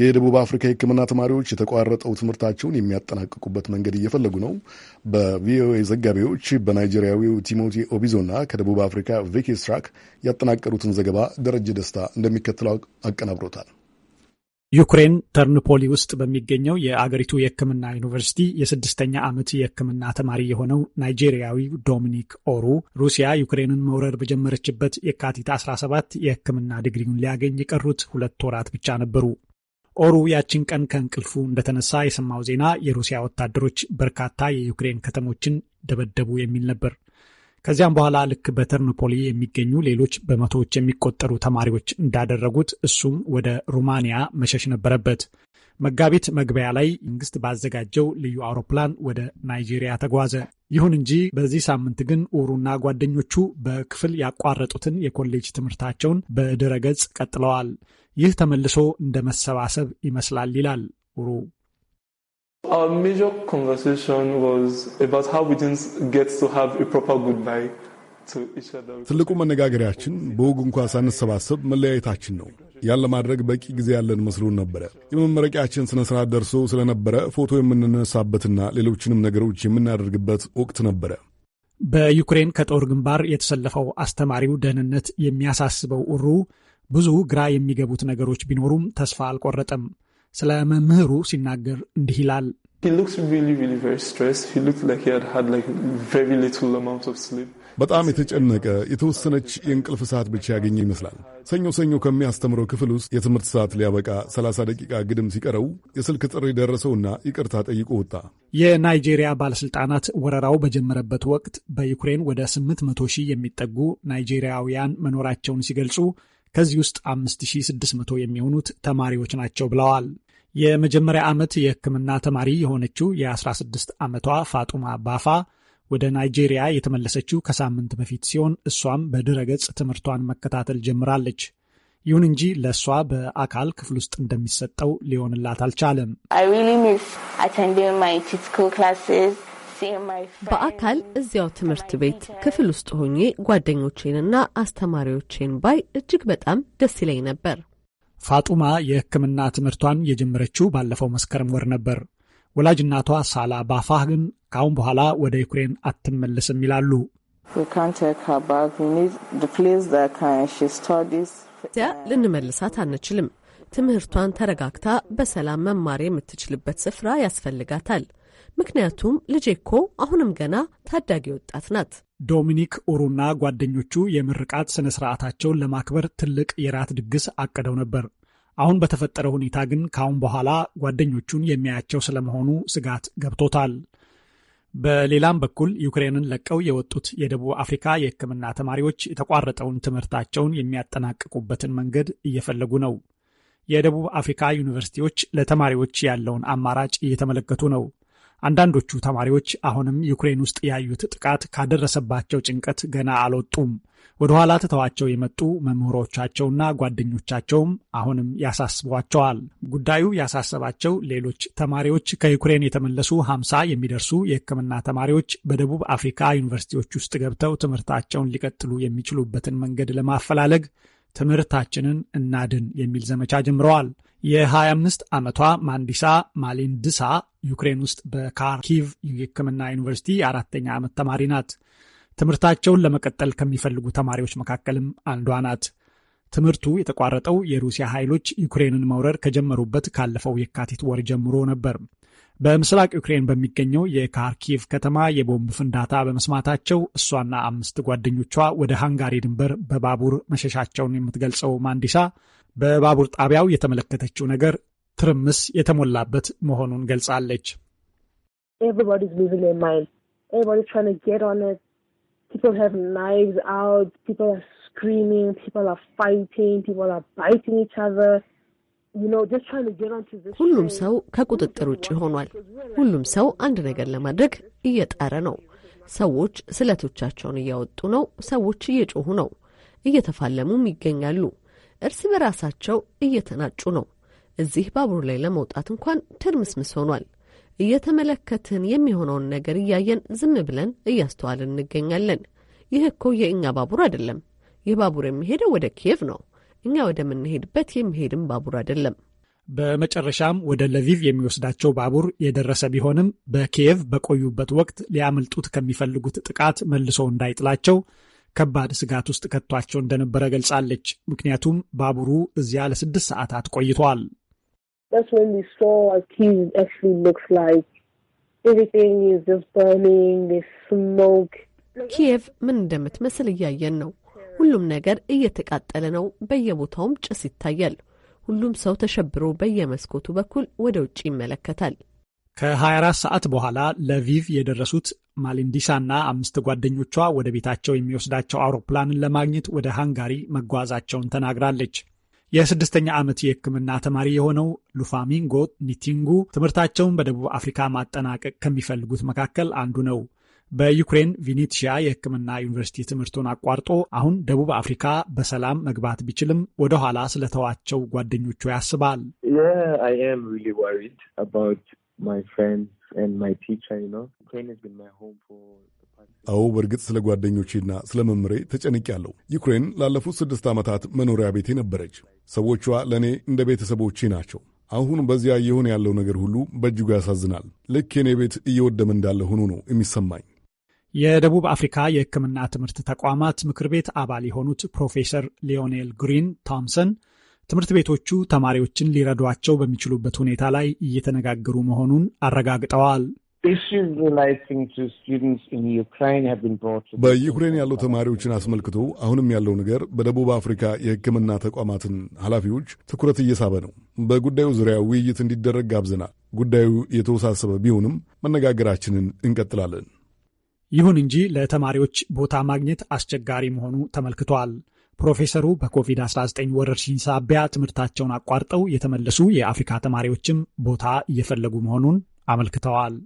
የደቡብ አፍሪካ የሕክምና ተማሪዎች የተቋረጠው ትምህርታቸውን የሚያጠናቅቁበት መንገድ እየፈለጉ ነው። በቪኦኤ ዘጋቢዎች በናይጄሪያዊው ቲሞቲ ኦቢዞና ከደቡብ አፍሪካ ቪኪ ስትራክ ያጠናቀሩትን ዘገባ ደረጀ ደስታ እንደሚከተለው አቀናብሮታል። ዩክሬን ተርንፖሊ ውስጥ በሚገኘው የአገሪቱ የህክምና ዩኒቨርሲቲ የስድስተኛ ዓመት የህክምና ተማሪ የሆነው ናይጄሪያዊ ዶሚኒክ ኦሩ ሩሲያ ዩክሬንን መውረር በጀመረችበት የካቲት 17 የህክምና ዲግሪውን ሊያገኝ የቀሩት ሁለት ወራት ብቻ ነበሩ። ኦሩ ያችን ቀን ከእንቅልፉ እንደተነሳ የሰማው ዜና የሩሲያ ወታደሮች በርካታ የዩክሬን ከተሞችን ደበደቡ የሚል ነበር። ከዚያም በኋላ ልክ በተርኖፖሊ የሚገኙ ሌሎች በመቶዎች የሚቆጠሩ ተማሪዎች እንዳደረጉት እሱም ወደ ሩማንያ መሸሽ ነበረበት። መጋቢት መግቢያ ላይ መንግስት ባዘጋጀው ልዩ አውሮፕላን ወደ ናይጄሪያ ተጓዘ። ይሁን እንጂ በዚህ ሳምንት ግን ኡሩና ጓደኞቹ በክፍል ያቋረጡትን የኮሌጅ ትምህርታቸውን በድረገጽ ቀጥለዋል። ይህ ተመልሶ እንደ መሰባሰብ ይመስላል ይላል ሩ ትልቁ መነጋገሪያችን በውግ እንኳ ሳንሰባሰብ መለያየታችን ነው። ያን ለማድረግ በቂ ጊዜ ያለን መስሎን ነበረ። የመመረቂያችን ስነ ስርዓት ደርሶ ስለነበረ ፎቶ የምንነሳበትና ሌሎችንም ነገሮች የምናደርግበት ወቅት ነበረ። በዩክሬን ከጦር ግንባር የተሰለፈው አስተማሪው ደህንነት የሚያሳስበው ኡሩ ብዙ ግራ የሚገቡት ነገሮች ቢኖሩም ተስፋ አልቆረጠም። ስለ መምህሩ ሲናገር እንዲህ ይላል። በጣም የተጨነቀ የተወሰነች የእንቅልፍ ሰዓት ብቻ ያገኘ ይመስላል። ሰኞ ሰኞ ከሚያስተምረው ክፍል ውስጥ የትምህርት ሰዓት ሊያበቃ 30 ደቂቃ ግድም ሲቀረው የስልክ ጥሪ ደረሰውና ይቅርታ ጠይቆ ወጣ። የናይጄሪያ ባለሥልጣናት ወረራው በጀመረበት ወቅት በዩክሬን ወደ 800 ሺህ የሚጠጉ ናይጄሪያውያን መኖራቸውን ሲገልጹ ከዚህ ውስጥ 5600 የሚሆኑት ተማሪዎች ናቸው ብለዋል። የመጀመሪያ ዓመት የሕክምና ተማሪ የሆነችው የ16 ዓመቷ ፋጡማ ባፋ ወደ ናይጄሪያ የተመለሰችው ከሳምንት በፊት ሲሆን እሷም በድረገጽ ትምህርቷን መከታተል ጀምራለች። ይሁን እንጂ ለእሷ በአካል ክፍል ውስጥ እንደሚሰጠው ሊሆንላት አልቻለም። በአካል እዚያው ትምህርት ቤት ክፍል ውስጥ ሆኜ ጓደኞቼንና አስተማሪዎቼን ባይ እጅግ በጣም ደስ ይለኝ ነበር። ፋጡማ የሕክምና ትምህርቷን የጀመረችው ባለፈው መስከረም ወር ነበር። ወላጅ እናቷ ሳላ ባፋህ ግን ከአሁን በኋላ ወደ ዩክሬን አትመልስም ይላሉ። እዚያ ልንመልሳት አንችልም። ትምህርቷን ተረጋግታ በሰላም መማር የምትችልበት ስፍራ ያስፈልጋታል። ምክንያቱም ልጄ እኮ አሁንም ገና ታዳጊ ወጣት ናት። ዶሚኒክ ኡሩና ጓደኞቹ የምርቃት ስነ ስርዓታቸውን ለማክበር ትልቅ የራት ድግስ አቅደው ነበር። አሁን በተፈጠረ ሁኔታ ግን ከአሁን በኋላ ጓደኞቹን የሚያያቸው ስለመሆኑ ስጋት ገብቶታል። በሌላም በኩል ዩክሬንን ለቀው የወጡት የደቡብ አፍሪካ የሕክምና ተማሪዎች የተቋረጠውን ትምህርታቸውን የሚያጠናቅቁበትን መንገድ እየፈለጉ ነው። የደቡብ አፍሪካ ዩኒቨርሲቲዎች ለተማሪዎች ያለውን አማራጭ እየተመለከቱ ነው። አንዳንዶቹ ተማሪዎች አሁንም ዩክሬን ውስጥ ያዩት ጥቃት ካደረሰባቸው ጭንቀት ገና አልወጡም። ወደኋላ ትተዋቸው የመጡ መምህሮቻቸውና ጓደኞቻቸውም አሁንም ያሳስቧቸዋል። ጉዳዩ ያሳሰባቸው ሌሎች ተማሪዎች ከዩክሬን የተመለሱ ሀምሳ የሚደርሱ የሕክምና ተማሪዎች በደቡብ አፍሪካ ዩኒቨርሲቲዎች ውስጥ ገብተው ትምህርታቸውን ሊቀጥሉ የሚችሉበትን መንገድ ለማፈላለግ ትምህርታችንን እናድን የሚል ዘመቻ ጀምረዋል። የ25 ዓመቷ ማንዲሳ ማሊንድሳ ዩክሬን ውስጥ በካርኪቭ የሕክምና ዩኒቨርሲቲ የአራተኛ ዓመት ተማሪ ናት። ትምህርታቸውን ለመቀጠል ከሚፈልጉ ተማሪዎች መካከልም አንዷ ናት። ትምህርቱ የተቋረጠው የሩሲያ ኃይሎች ዩክሬንን መውረር ከጀመሩበት ካለፈው የካቲት ወር ጀምሮ ነበር። በምስራቅ ዩክሬን በሚገኘው የካርኪቭ ከተማ የቦምብ ፍንዳታ በመስማታቸው እሷና አምስት ጓደኞቿ ወደ ሃንጋሪ ድንበር በባቡር መሸሻቸውን የምትገልጸው ማንዲሳ በባቡር ጣቢያው የተመለከተችው ነገር ትርምስ የተሞላበት መሆኑን ገልጻለች። ሁሉም ሰው ከቁጥጥር ውጭ ሆኗል። ሁሉም ሰው አንድ ነገር ለማድረግ እየጣረ ነው። ሰዎች ስለቶቻቸውን እያወጡ ነው። ሰዎች እየጮሁ ነው፣ እየተፋለሙም ይገኛሉ። እርስ በራሳቸው እየተናጩ ነው። እዚህ ባቡር ላይ ለመውጣት እንኳን ትርምስምስ ሆኗል። እየተመለከትን የሚሆነውን ነገር እያየን ዝም ብለን እያስተዋልን እንገኛለን። ይህ እኮ የእኛ ባቡር አይደለም። ይህ ባቡር የሚሄደው ወደ ኪየቭ ነው። እኛ ወደምንሄድበት የሚሄድም ባቡር አይደለም። በመጨረሻም ወደ ለቪቭ የሚወስዳቸው ባቡር የደረሰ ቢሆንም በኪየቭ በቆዩበት ወቅት ሊያመልጡት ከሚፈልጉት ጥቃት መልሶ እንዳይጥላቸው ከባድ ስጋት ውስጥ ከቷቸው እንደነበረ ገልጻለች። ምክንያቱም ባቡሩ እዚያ ለስድስት ሰዓታት ቆይቷል። ኪየቭ ምን እንደምትመስል እያየን ነው። ሁሉም ነገር እየተቃጠለ ነው። በየቦታውም ጭስ ይታያል። ሁሉም ሰው ተሸብሮ በየመስኮቱ በኩል ወደ ውጭ ይመለከታል። ከ24 ሰዓት በኋላ ለቪቭ የደረሱት ማሊንዲሳና አምስት ጓደኞቿ ወደ ቤታቸው የሚወስዳቸው አውሮፕላንን ለማግኘት ወደ ሃንጋሪ መጓዛቸውን ተናግራለች። የስድስተኛ ዓመት የሕክምና ተማሪ የሆነው ሉፋሚንጎ ኒቲንጉ ትምህርታቸውን በደቡብ አፍሪካ ማጠናቀቅ ከሚፈልጉት መካከል አንዱ ነው። በዩክሬን ቪኒትሺያ የሕክምና ዩኒቨርሲቲ ትምህርቱን አቋርጦ አሁን ደቡብ አፍሪካ በሰላም መግባት ቢችልም ወደ ኋላ ስለተዋቸው ጓደኞቹ ያስባል። አዎ በእርግጥ ስለ ጓደኞቼና ስለ መምሬ ተጨንቄያለሁ። ዩክሬን ላለፉት ስድስት ዓመታት መኖሪያ ቤቴ ነበረች። ሰዎቿ ለእኔ እንደ ቤተሰቦቼ ናቸው። አሁን በዚያ እየሆነ ያለው ነገር ሁሉ በእጅጉ ያሳዝናል። ልክ የኔ ቤት እየወደመ እንዳለ ሆኖ ነው የሚሰማኝ። የደቡብ አፍሪካ የሕክምና ትምህርት ተቋማት ምክር ቤት አባል የሆኑት ፕሮፌሰር ሊዮኔል ግሪን ቶምሰን ትምህርት ቤቶቹ ተማሪዎችን ሊረዷቸው በሚችሉበት ሁኔታ ላይ እየተነጋገሩ መሆኑን አረጋግጠዋል። በዩክሬን ያሉ ተማሪዎችን አስመልክቶ አሁንም ያለው ነገር በደቡብ አፍሪካ የሕክምና ተቋማትን ኃላፊዎች ትኩረት እየሳበ ነው። በጉዳዩ ዙሪያ ውይይት እንዲደረግ ጋብዘናል። ጉዳዩ የተወሳሰበ ቢሆንም መነጋገራችንን እንቀጥላለን። ይሁን እንጂ ለተማሪዎች ቦታ ማግኘት አስቸጋሪ መሆኑ ተመልክቷል። ፕሮፌሰሩ በኮቪድ-19 ወረርሽኝ ሳቢያ ትምህርታቸውን አቋርጠው የተመለሱ የአፍሪካ ተማሪዎችም ቦታ እየፈለጉ መሆኑን አመልክተዋል።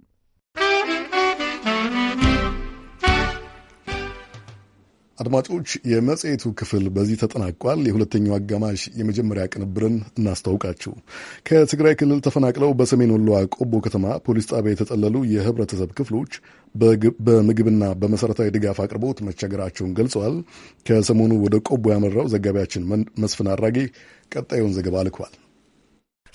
አድማጮች፣ የመጽሔቱ ክፍል በዚህ ተጠናቋል። የሁለተኛው አጋማሽ የመጀመሪያ ቅንብርን እናስታውቃችሁ። ከትግራይ ክልል ተፈናቅለው በሰሜን ወሎ ቆቦ ከተማ ፖሊስ ጣቢያ የተጠለሉ የህብረተሰብ ክፍሎች በምግብና በመሰረታዊ ድጋፍ አቅርቦት መቸገራቸውን ገልጸዋል። ከሰሞኑ ወደ ቆቦ ያመራው ዘጋቢያችን መስፍን አራጌ ቀጣዩን ዘገባ ልኳል።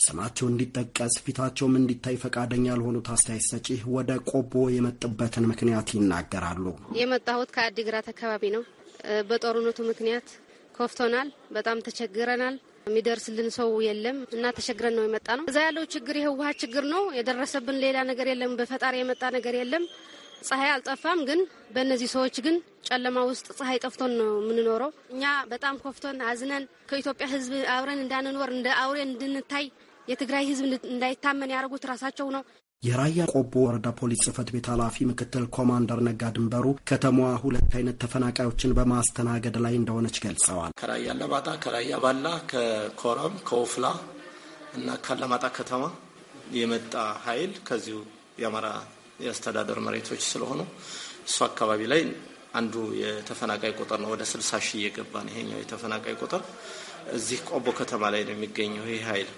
ስማቸው እንዲጠቀስ ፊታቸውም እንዲታይ ፈቃደኛ ያልሆኑት አስተያየት ሰጪ ወደ ቆቦ የመጡበትን ምክንያት ይናገራሉ። የመጣሁት ከአዲግራት አካባቢ ነው። በጦርነቱ ምክንያት ኮፍቶናል። በጣም ተቸግረናል። የሚደርስልን ሰው የለም እና ተቸግረን ነው የመጣ ነው። እዛ ያለው ችግር የህወሀት ችግር ነው። የደረሰብን ሌላ ነገር የለም። በፈጣሪ የመጣ ነገር የለም። ፀሐይ አልጠፋም፣ ግን በእነዚህ ሰዎች ግን ጨለማ ውስጥ ፀሐይ ጠፍቶን ነው የምንኖረው። እኛ በጣም ኮፍቶን አዝነን ከኢትዮጵያ ሕዝብ አብረን እንዳንኖር እንደ አውሬ እንድንታይ የትግራይ ሕዝብ እንዳይታመን ያደርጉት ራሳቸው ነው። የራያ ቆቦ ወረዳ ፖሊስ ጽህፈት ቤት ኃላፊ ምክትል ኮማንደር ነጋ ድንበሩ ከተማዋ ሁለት አይነት ተፈናቃዮችን በማስተናገድ ላይ እንደሆነች ገልጸዋል። ከራያ ለባጣ፣ ከራያ ባላ፣ ከኮረም፣ ከኦፍላ እና ካለማጣ ከተማ የመጣ ኃይል ከዚሁ የአማራ የአስተዳደር መሬቶች ስለሆኑ እሱ አካባቢ ላይ አንዱ የተፈናቃይ ቁጥር ነው። ወደ ስልሳ ሺህ እየገባ ነው ይሄኛው የተፈናቃይ ቁጥር። እዚህ ቆቦ ከተማ ላይ ነው የሚገኘው ይህ ኃይል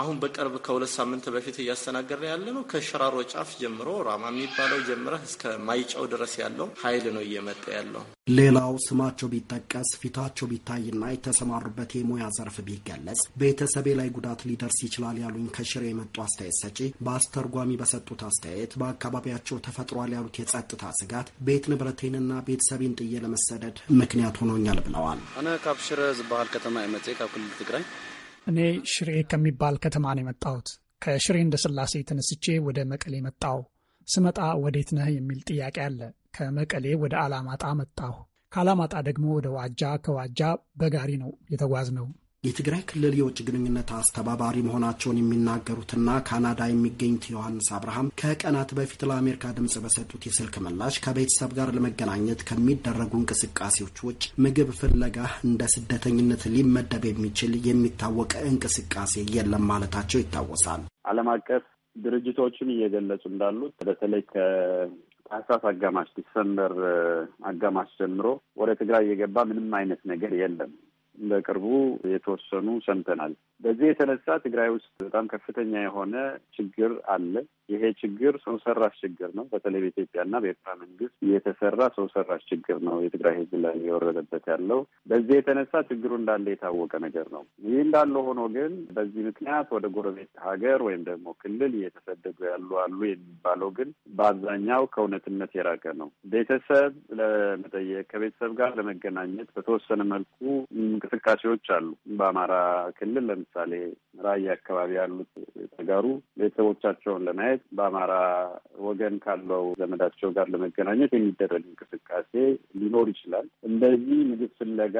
አሁን በቅርብ ከሁለት ሳምንት በፊት እያስተናገረ ያለ ነው። ከሽራሮ ጫፍ ጀምሮ ራማ የሚባለው ጀምረህ እስከ ማይጨው ድረስ ያለው ኃይል ነው እየመጣ ያለው። ሌላው ስማቸው ቢጠቀስ ፊታቸው ቢታይና የተሰማሩበት የሙያ ዘርፍ ቢገለጽ ቤተሰቤ ላይ ጉዳት ሊደርስ ይችላል ያሉኝ ከሽሬ የመጡ አስተያየት ሰጪ በአስተርጓሚ በሰጡት አስተያየት በአካባቢያቸው ተፈጥሯል ያሉት የጸጥታ ስጋት ቤት ንብረቴንና ቤተሰቤን ጥዬ ለመሰደድ ምክንያት ሆኖኛል ብለዋል። አነ ካብ ሽረ ዝበሃል ከተማ የመጽ ካብ ክልል ትግራይ እኔ ሽሬ ከሚባል ከተማ ነው የመጣሁት። ከሽሬ እንደ ስላሴ ተነስቼ ወደ መቀሌ መጣሁ። ስመጣ ወዴት ነህ የሚል ጥያቄ አለ። ከመቀሌ ወደ አላማጣ መጣሁ። ከአላማጣ ደግሞ ወደ ዋጃ፣ ከዋጃ በጋሪ ነው የተጓዝ ነው የትግራይ ክልል የውጭ ግንኙነት አስተባባሪ መሆናቸውን የሚናገሩትና ካናዳ የሚገኙት ዮሐንስ አብርሃም ከቀናት በፊት ለአሜሪካ ድምፅ በሰጡት የስልክ ምላሽ ከቤተሰብ ጋር ለመገናኘት ከሚደረጉ እንቅስቃሴዎች ውጭ ምግብ ፍለጋ እንደ ስደተኝነት ሊመደብ የሚችል የሚታወቅ እንቅስቃሴ የለም ማለታቸው ይታወሳል። ዓለም አቀፍ ድርጅቶችን እየገለጹ እንዳሉት በተለይ ከታህሳስ አጋማሽ ዲሰምበር አጋማሽ ጀምሮ ወደ ትግራይ እየገባ ምንም አይነት ነገር የለም። በቅርቡ የተወሰኑ ሰምተናል። በዚህ የተነሳ ትግራይ ውስጥ በጣም ከፍተኛ የሆነ ችግር አለ። ይሄ ችግር ሰው ሰራሽ ችግር ነው። በተለይ በኢትዮጵያና በኤርትራ መንግስት የተሰራ ሰው ሰራሽ ችግር ነው የትግራይ ህዝብ ላይ የወረደበት ያለው። በዚህ የተነሳ ችግሩ እንዳለ የታወቀ ነገር ነው። ይህ እንዳለ ሆኖ ግን በዚህ ምክንያት ወደ ጎረቤት ሀገር ወይም ደግሞ ክልል እየተሰደዱ ያሉ አሉ የሚባለው ግን በአብዛኛው ከእውነትነት የራቀ ነው። ቤተሰብ ለመጠየቅ ከቤተሰብ ጋር ለመገናኘት በተወሰነ መልኩ እንቅስቃሴዎች አሉ። በአማራ ክልል ለምሳሌ ራያ አካባቢ ያሉት ተጋሩ ቤተሰቦቻቸውን ለማየት በአማራ ወገን ካለው ዘመዳቸው ጋር ለመገናኘት የሚደረግ እንቅስቃሴ ሊኖር ይችላል። እንደዚህ ምግብ ፍለጋ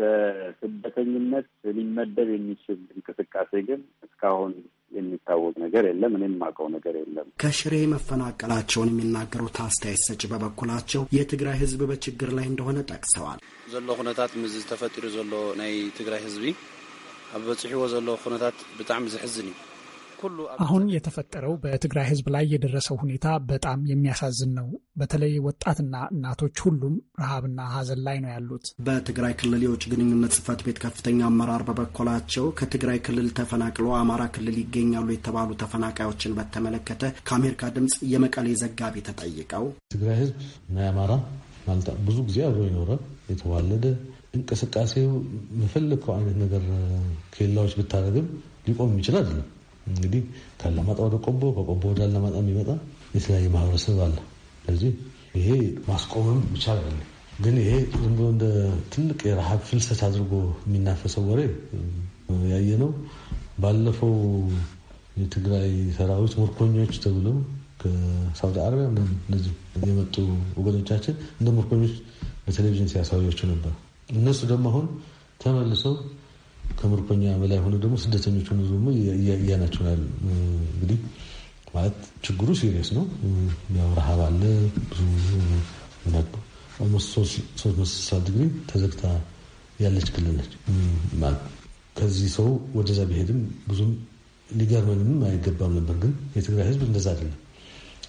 በስደተኝነት ሊመደብ የሚችል እንቅስቃሴ ግን እስካሁን የሚታወቅ ነገር የለም። እኔም የማውቀው ነገር የለም። ከሽሬ መፈናቀላቸውን የሚናገሩት አስተያየት ሰጭ በበኩላቸው የትግራይ ህዝብ በችግር ላይ እንደሆነ ጠቅሰዋል። ዘሎ ኩነታት ምዝ ተፈጢሩ ዘሎ ናይ ትግራይ ህዝቢ ኣብ በፅሕዎ ዘሎ ኩነታት ብጣዕሚ ዝሕዝን እዩ አሁን የተፈጠረው በትግራይ ሕዝብ ላይ የደረሰው ሁኔታ በጣም የሚያሳዝን ነው። በተለይ ወጣትና እናቶች ሁሉም ረሃብና ሀዘን ላይ ነው ያሉት። በትግራይ ክልል የውጭ ግንኙነት ጽሕፈት ቤት ከፍተኛ አመራር በበኩላቸው ከትግራይ ክልል ተፈናቅሎ አማራ ክልል ይገኛሉ የተባሉ ተፈናቃዮችን በተመለከተ ከአሜሪካ ድምፅ የመቀሌ ዘጋቢ ተጠይቀው ትግራይ ሕዝብ እና የአማራ ማለት ብዙ ጊዜ አብሮ ይኖረ የተዋለደ እንቅስቃሴው መፈለግከው አይነት ነገር ኬላዎች ብታደርግም ሊቆም ይችላል አይደለም እንግዲህ ከለማጣ ወደ ቆቦ ከቆቦ ወደ አላማጣ የሚመጣ የተለያየ ማህበረሰብ አለ። ስለዚህ ይሄ ማስቆምም ይቻላል። ግን ይሄ ዝም ብሎ እንደ ትልቅ የረሃብ ፍልሰት አድርጎ የሚናፈሰው ወሬ ያየ ነው። ባለፈው የትግራይ ሰራዊት ምርኮኞች ተብለው ከሳውዲ አረቢያ እነዚህ የመጡ ወገኖቻችን እንደ ምርኮኞች በቴሌቪዥን ሲያሳዩቸው ነበር። እነሱ ደግሞ አሁን ተመልሰው ከምርኮኛ በላይ ሆነ ደግሞ ስደተኞች ሆነ ደግሞ እያናቸውናል። እንግዲህ ማለት ችግሩ ሲሪየስ ነው። ያው ረሃብ አለ ብዙ ሶስት መቶ ስልሳ ዲግሪ ተዘግታ ያለች ክልል ነች። ከዚህ ሰው ወደዛ ቢሄድም ብዙም ሊገርመንም አይገባም ነበር። ግን የትግራይ ህዝብ እንደዛ አይደለም።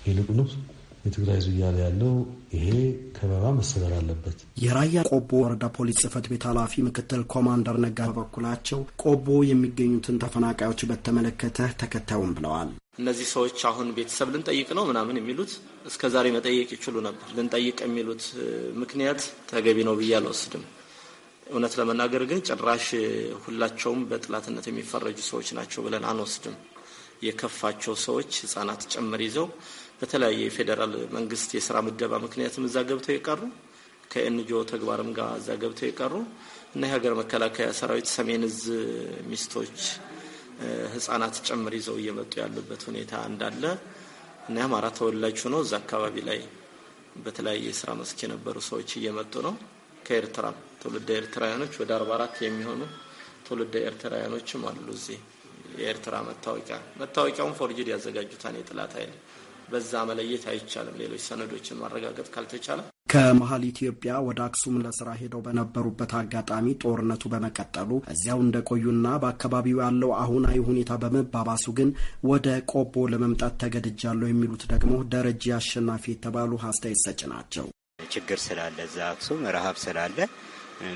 ይልቁንስ የትግራይ እያለ ያለው ይሄ ከበባ መሰበር አለበት። የራያ ቆቦ ወረዳ ፖሊስ ጽህፈት ቤት ኃላፊ ምክትል ኮማንደር ነጋ በበኩላቸው ቆቦ የሚገኙትን ተፈናቃዮች በተመለከተ ተከታዩም ብለዋል። እነዚህ ሰዎች አሁን ቤተሰብ ልንጠይቅ ነው ምናምን የሚሉት እስከ ዛሬ መጠየቅ ይችሉ ነበር። ልንጠይቅ የሚሉት ምክንያት ተገቢ ነው ብዬ አልወስድም። እውነት ለመናገር ግን ጭራሽ ሁላቸውም በጥላትነት የሚፈረጁ ሰዎች ናቸው ብለን አንወስድም። የከፋቸው ሰዎች ህጻናት ጭምር ይዘው በተለያየ የፌዴራል መንግስት የስራ ምደባ ምክንያትም እዛ ገብተው የቀሩ ከኤንጂኦ ተግባርም ጋር እዛ ገብተው የቀሩ እና የሀገር መከላከያ ሰራዊት ሰሜን እዝ ሚስቶች ህጻናት ጭምር ይዘው እየመጡ ያሉበት ሁኔታ እንዳለ እና የአማራ ተወላጅ ሆኖ እዛ አካባቢ ላይ በተለያየ የስራ መስክ የነበሩ ሰዎች እየመጡ ነው። ከኤርትራ ትውልደ ኤርትራውያኖች ወደ አርባ አራት የሚሆኑ ትውልደ ኤርትራውያኖችም አሉ። እዚህ የኤርትራ መታወቂያ መታወቂያውን ፎርጅድ ያዘጋጁታን የጥላት ኃይል በዛ መለየት አይቻልም። ሌሎች ሰነዶችን ማረጋገጥ ካልተቻለ ከመሀል ኢትዮጵያ ወደ አክሱም ለስራ ሄደው በነበሩበት አጋጣሚ ጦርነቱ በመቀጠሉ እዚያው እንደቆዩና በአካባቢው ያለው አሁናዊ ሁኔታ በመባባሱ ግን ወደ ቆቦ ለመምጣት ተገድጃለሁ የሚሉት ደግሞ ደረጀ አሸናፊ የተባሉ አስተያየት ሰጭ ናቸው። ችግር ስላለ እዛ አክሱም ረሀብ ስላለ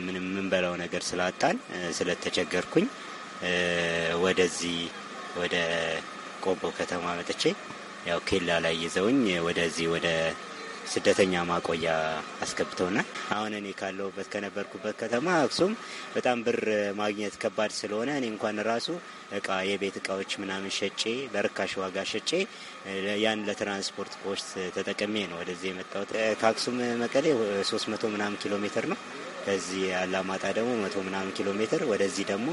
ምንም የምንበላው ነገር ስላጣን ስለተቸገርኩኝ ወደዚህ ወደ ቆቦ ከተማ መጥቼ ያው ኬላ ላይ ይዘውኝ ወደዚህ ወደ ስደተኛ ማቆያ አስገብተውናል። አሁን እኔ ካለሁበት ከነበርኩበት ከተማ አክሱም በጣም ብር ማግኘት ከባድ ስለሆነ እኔ እንኳን ራሱ እቃ የቤት እቃዎች ምናምን ሸጬ በርካሽ ዋጋ ሸጬ ያን ለትራንስፖርት ፖስት ተጠቅሜ ነው ወደዚህ የመጣሁት። ከአክሱም መቀሌ ሶስት መቶ ምናምን ኪሎ ሜትር ነው። ከዚህ አላማጣ ደግሞ መቶ ምናምን ኪሎ ሜትር፣ ወደዚህ ደግሞ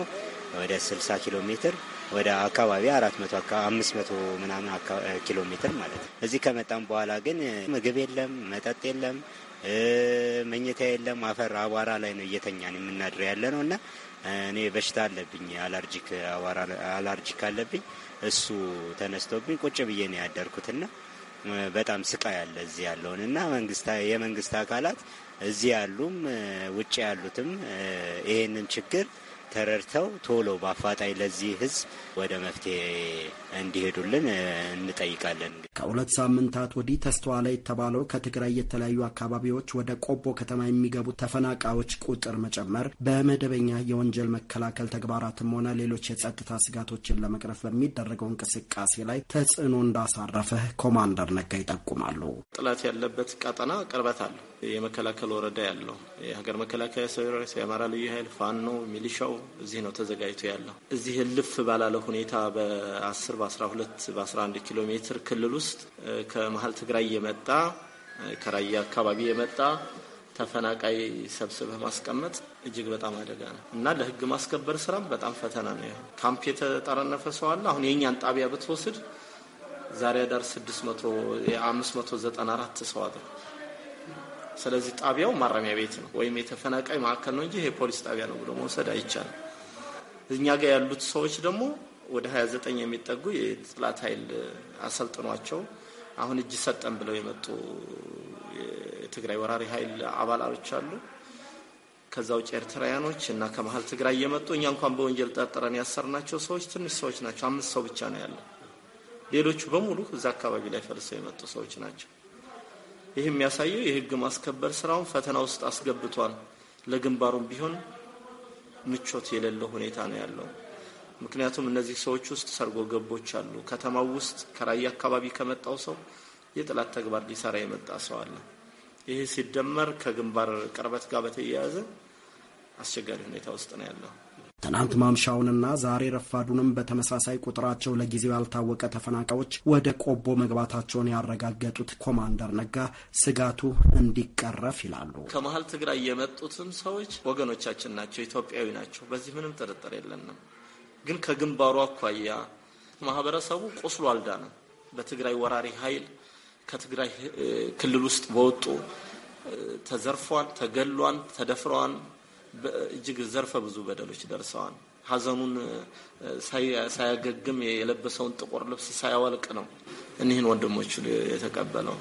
ወደ ስልሳ ኪሎ ሜትር ወደ አካባቢ አራት መቶ አምስት መቶ ምናምን ኪሎ ሜትር ማለት ነው። እዚህ ከመጣም በኋላ ግን ምግብ የለም፣ መጠጥ የለም፣ መኝታ የለም። አፈር አቧራ ላይ ነው እየተኛን የምናድረው ያለ ነው እና እኔ በሽታ አለብኝ፣ አላርጂክ አላርጂክ አለብኝ። እሱ ተነስቶብኝ ቁጭ ብዬ ነው ያደርኩትና በጣም ስቃይ አለ እዚህ ያለውን እና የመንግስት አካላት እዚህ ያሉም ውጭ ያሉትም ይሄንን ችግር ተረድተው ቶሎ በአፋጣኝ ለዚህ ህዝብ ወደ መፍትሄ እንዲሄዱልን እንጠይቃለን። ከሁለት ሳምንታት ወዲህ ተስተዋለ የተባለው ከትግራይ የተለያዩ አካባቢዎች ወደ ቆቦ ከተማ የሚገቡ ተፈናቃዮች ቁጥር መጨመር በመደበኛ የወንጀል መከላከል ተግባራትም ሆነ ሌሎች የጸጥታ ስጋቶችን ለመቅረፍ በሚደረገው እንቅስቃሴ ላይ ተጽዕኖ እንዳሳረፈ ኮማንደር ነጋ ይጠቁማሉ። ጥላት ያለበት ቀጠና ቅርበት አለው። የመከላከል ወረዳ ያለው የሀገር መከላከያ ሰራዊት፣ የአማራ ልዩ ኃይል፣ ፋኖ፣ ሚሊሻው እዚህ ነው ተዘጋጅቶ ያለው። እዚህ ልፍ ባላለ ሁኔታ በአስር በ12 በ11 ኪሎ ሜትር ክልል ውስጥ ከመሀል ትግራይ የመጣ ከራያ አካባቢ የመጣ ተፈናቃይ ሰብስበህ ማስቀመጥ እጅግ በጣም አደጋ ነው እና ለህግ ማስከበር ስራም በጣም ፈተና ነው። ካምፕ የተጠረነፈ ሰው አለ። አሁን የእኛን ጣቢያ ብትወስድ ዛሬ ዳር 594 ሰው አለ። ስለዚህ ጣቢያው ማረሚያ ቤት ነው ወይም የተፈናቃይ ማዕከል ነው እንጂ የፖሊስ ጣቢያ ነው ብሎ መውሰድ አይቻልም። እኛ ጋር ያሉት ሰዎች ደግሞ ወደ 29 የሚጠጉ የጥላት ኃይል አሰልጥኗቸው አሁን እጅ ሰጠን ብለው የመጡ የትግራይ ወራሪ ኃይል አባላቶች አሉ። ከዛ ውጭ ኤርትራውያኖች እና ከመሀል ትግራይ የመጡ እኛ እንኳን በወንጀል ጠርጥረን ያሰርናቸው ሰዎች ትንሽ ሰዎች ናቸው። አምስት ሰው ብቻ ነው ያለው። ሌሎቹ በሙሉ እዛ አካባቢ ላይ ፈልሰው የመጡ ሰዎች ናቸው። ይህ የሚያሳየው የህግ ማስከበር ስራውን ፈተና ውስጥ አስገብቷል። ለግንባሩም ቢሆን ምቾት የሌለው ሁኔታ ነው ያለው። ምክንያቱም እነዚህ ሰዎች ውስጥ ሰርጎ ገቦች አሉ። ከተማው ውስጥ ከራያ አካባቢ ከመጣው ሰው የጥላት ተግባር ሊሰራ የመጣ ሰው አለ። ይህ ሲደመር ከግንባር ቅርበት ጋር በተያያዘ አስቸጋሪ ሁኔታ ውስጥ ነው ያለው። ትናንት ማምሻውንና ዛሬ ረፋዱንም በተመሳሳይ ቁጥራቸው ለጊዜው ያልታወቀ ተፈናቃዮች ወደ ቆቦ መግባታቸውን ያረጋገጡት ኮማንደር ነጋ ስጋቱ እንዲቀረፍ ይላሉ። ከመሀል ትግራይ የመጡትም ሰዎች ወገኖቻችን ናቸው፣ ኢትዮጵያዊ ናቸው። በዚህ ምንም ጥርጥር የለንም። ግን ከግንባሩ አኳያ ማህበረሰቡ ቆስሎ አልዳነም። በትግራይ ወራሪ ኃይል ከትግራይ ክልል ውስጥ በወጡ ተዘርፏል፣ ተገሏል፣ ተደፍረዋል። እጅግ ዘርፈ ብዙ በደሎች ደርሰዋል። ሀዘኑን ሳያገግም የለበሰውን ጥቁር ልብስ ሳያወልቅ ነው እኒህን ወንድሞቹ የተቀበለው።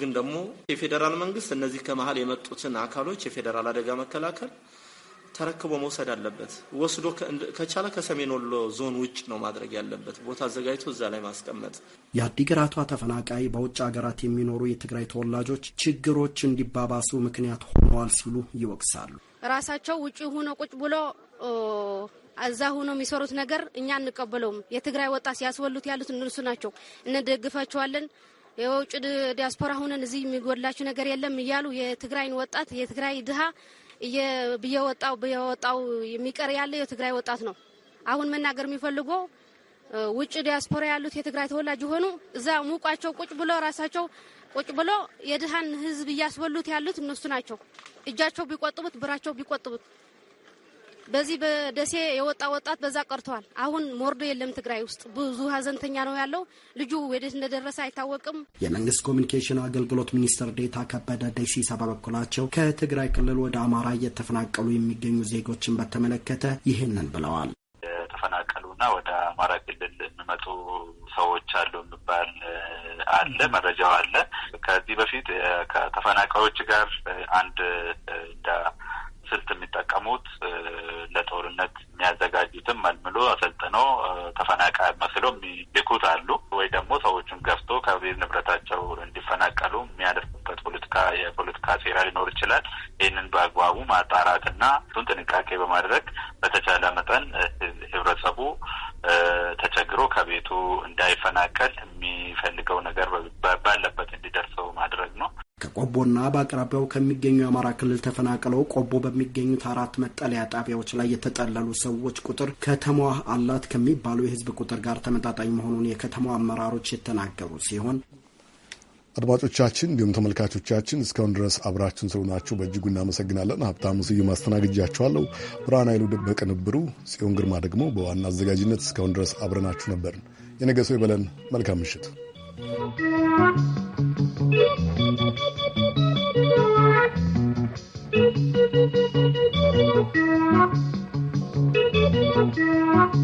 ግን ደግሞ የፌዴራል መንግስት እነዚህ ከመሀል የመጡትን አካሎች የፌዴራል አደጋ መከላከል ተረክቦ መውሰድ አለበት። ወስዶ ከቻለ ከሰሜን ወሎ ዞን ውጭ ነው ማድረግ ያለበት ቦታ አዘጋጅቶ እዛ ላይ ማስቀመጥ። የአዲግራቷ ተፈናቃይ በውጭ ሀገራት የሚኖሩ የትግራይ ተወላጆች ችግሮች እንዲባባሱ ምክንያት ሆነዋል ሲሉ ይወቅሳሉ። ራሳቸው ውጭ ሆኖ ቁጭ ብሎ እዛ ሆኖ የሚሰሩት ነገር እኛ አንቀበለውም። የትግራይ ወጣት ሲያስበሉት ያሉት እነሱ ናቸው። እንደግፋቸዋለን የውጭ ዲያስፖራ ሁነን እዚህ የሚጎድላችሁ ነገር የለም እያሉ የትግራይን ወጣት የትግራይ ድሃ እየወጣው እየወጣው የሚቀር ያለ የትግራይ ወጣት ነው። አሁን መናገር የሚፈልገው ውጭ ዲያስፖራ ያሉት የትግራይ ተወላጅ የሆኑ እዛ ሙቋቸው ቁጭ ብሎ ራሳቸው ቁጭ ብሎ የድሃን ሕዝብ እያስበሉት ያሉት እነሱ ናቸው። እጃቸው ቢቆጥቡት ብራቸው ቢቆጥቡት በዚህ በደሴ የወጣ ወጣት በዛ ቀርተዋል። አሁን ሞርዶ የለም ትግራይ ውስጥ ብዙ ሀዘንተኛ ነው ያለው። ልጁ ወዴት እንደደረሰ አይታወቅም። የመንግስት ኮሚኒኬሽን አገልግሎት ሚኒስትር ዴታ ከበደ ደሲሳ በበኩላቸው ከትግራይ ክልል ወደ አማራ እየተፈናቀሉ የሚገኙ ዜጎችን በተመለከተ ይህንን ብለዋል። የተፈናቀሉና ወደ አማራ ክልል የሚመጡ ሰዎች አሉ የሚባል አለ፣ መረጃው አለ። ከዚህ በፊት ከተፈናቃዮች ጋር አንድ እንደ ስልት የሚጠቀሙት ለጦርነት የሚያዘጋጁትም መልምሎ አሰልጥኖ ተፈናቃይ መስሎ የሚልኩት አሉ ወይ ደግሞ ሰዎቹን ገፍቶ ከቤት ንብረታቸው እንዲፈናቀሉ የሚያደርጉበት ፖለቲካ የፖለቲካ ሴራ ሊኖር ይችላል። ይህንን በአግባቡ ማጣራትና እሱን ጥንቃቄ በማድረግ በተቻለ መጠን ህብረተሰቡ ተቸግሮ ከቤቱ እንዳይፈናቀል የሚፈልገው ነገር ባለበት እንዲደርሰው ማድረግ ነው። ከቆቦና በአቅራቢያው ከሚገኙ የአማራ ክልል ተፈናቅለው ቆቦ በሚገኙት አራት መጠለያ ጣቢያዎች ላይ የተጠለሉ ሰዎች ቁጥር ከተማዋ አላት ከሚባለው የህዝብ ቁጥር ጋር ተመጣጣኝ መሆኑን የከተማዋ አመራሮች የተናገሩ ሲሆን አድማጮቻችን እንዲሁም ተመልካቾቻችን እስካሁን ድረስ አብራችን ስለሆናችሁ በእጅጉ እናመሰግናለን። ሀብታሙ ስዩ ማስተናግጃችኋለሁ። ብርሃን ኃይሉ በቅንብሩ፣ ጽዮን ግርማ ደግሞ በዋና አዘጋጅነት እስካሁን ድረስ አብረናችሁ ነበርን። የነገ ሰው ይበለን። መልካም ምሽት። Thank you.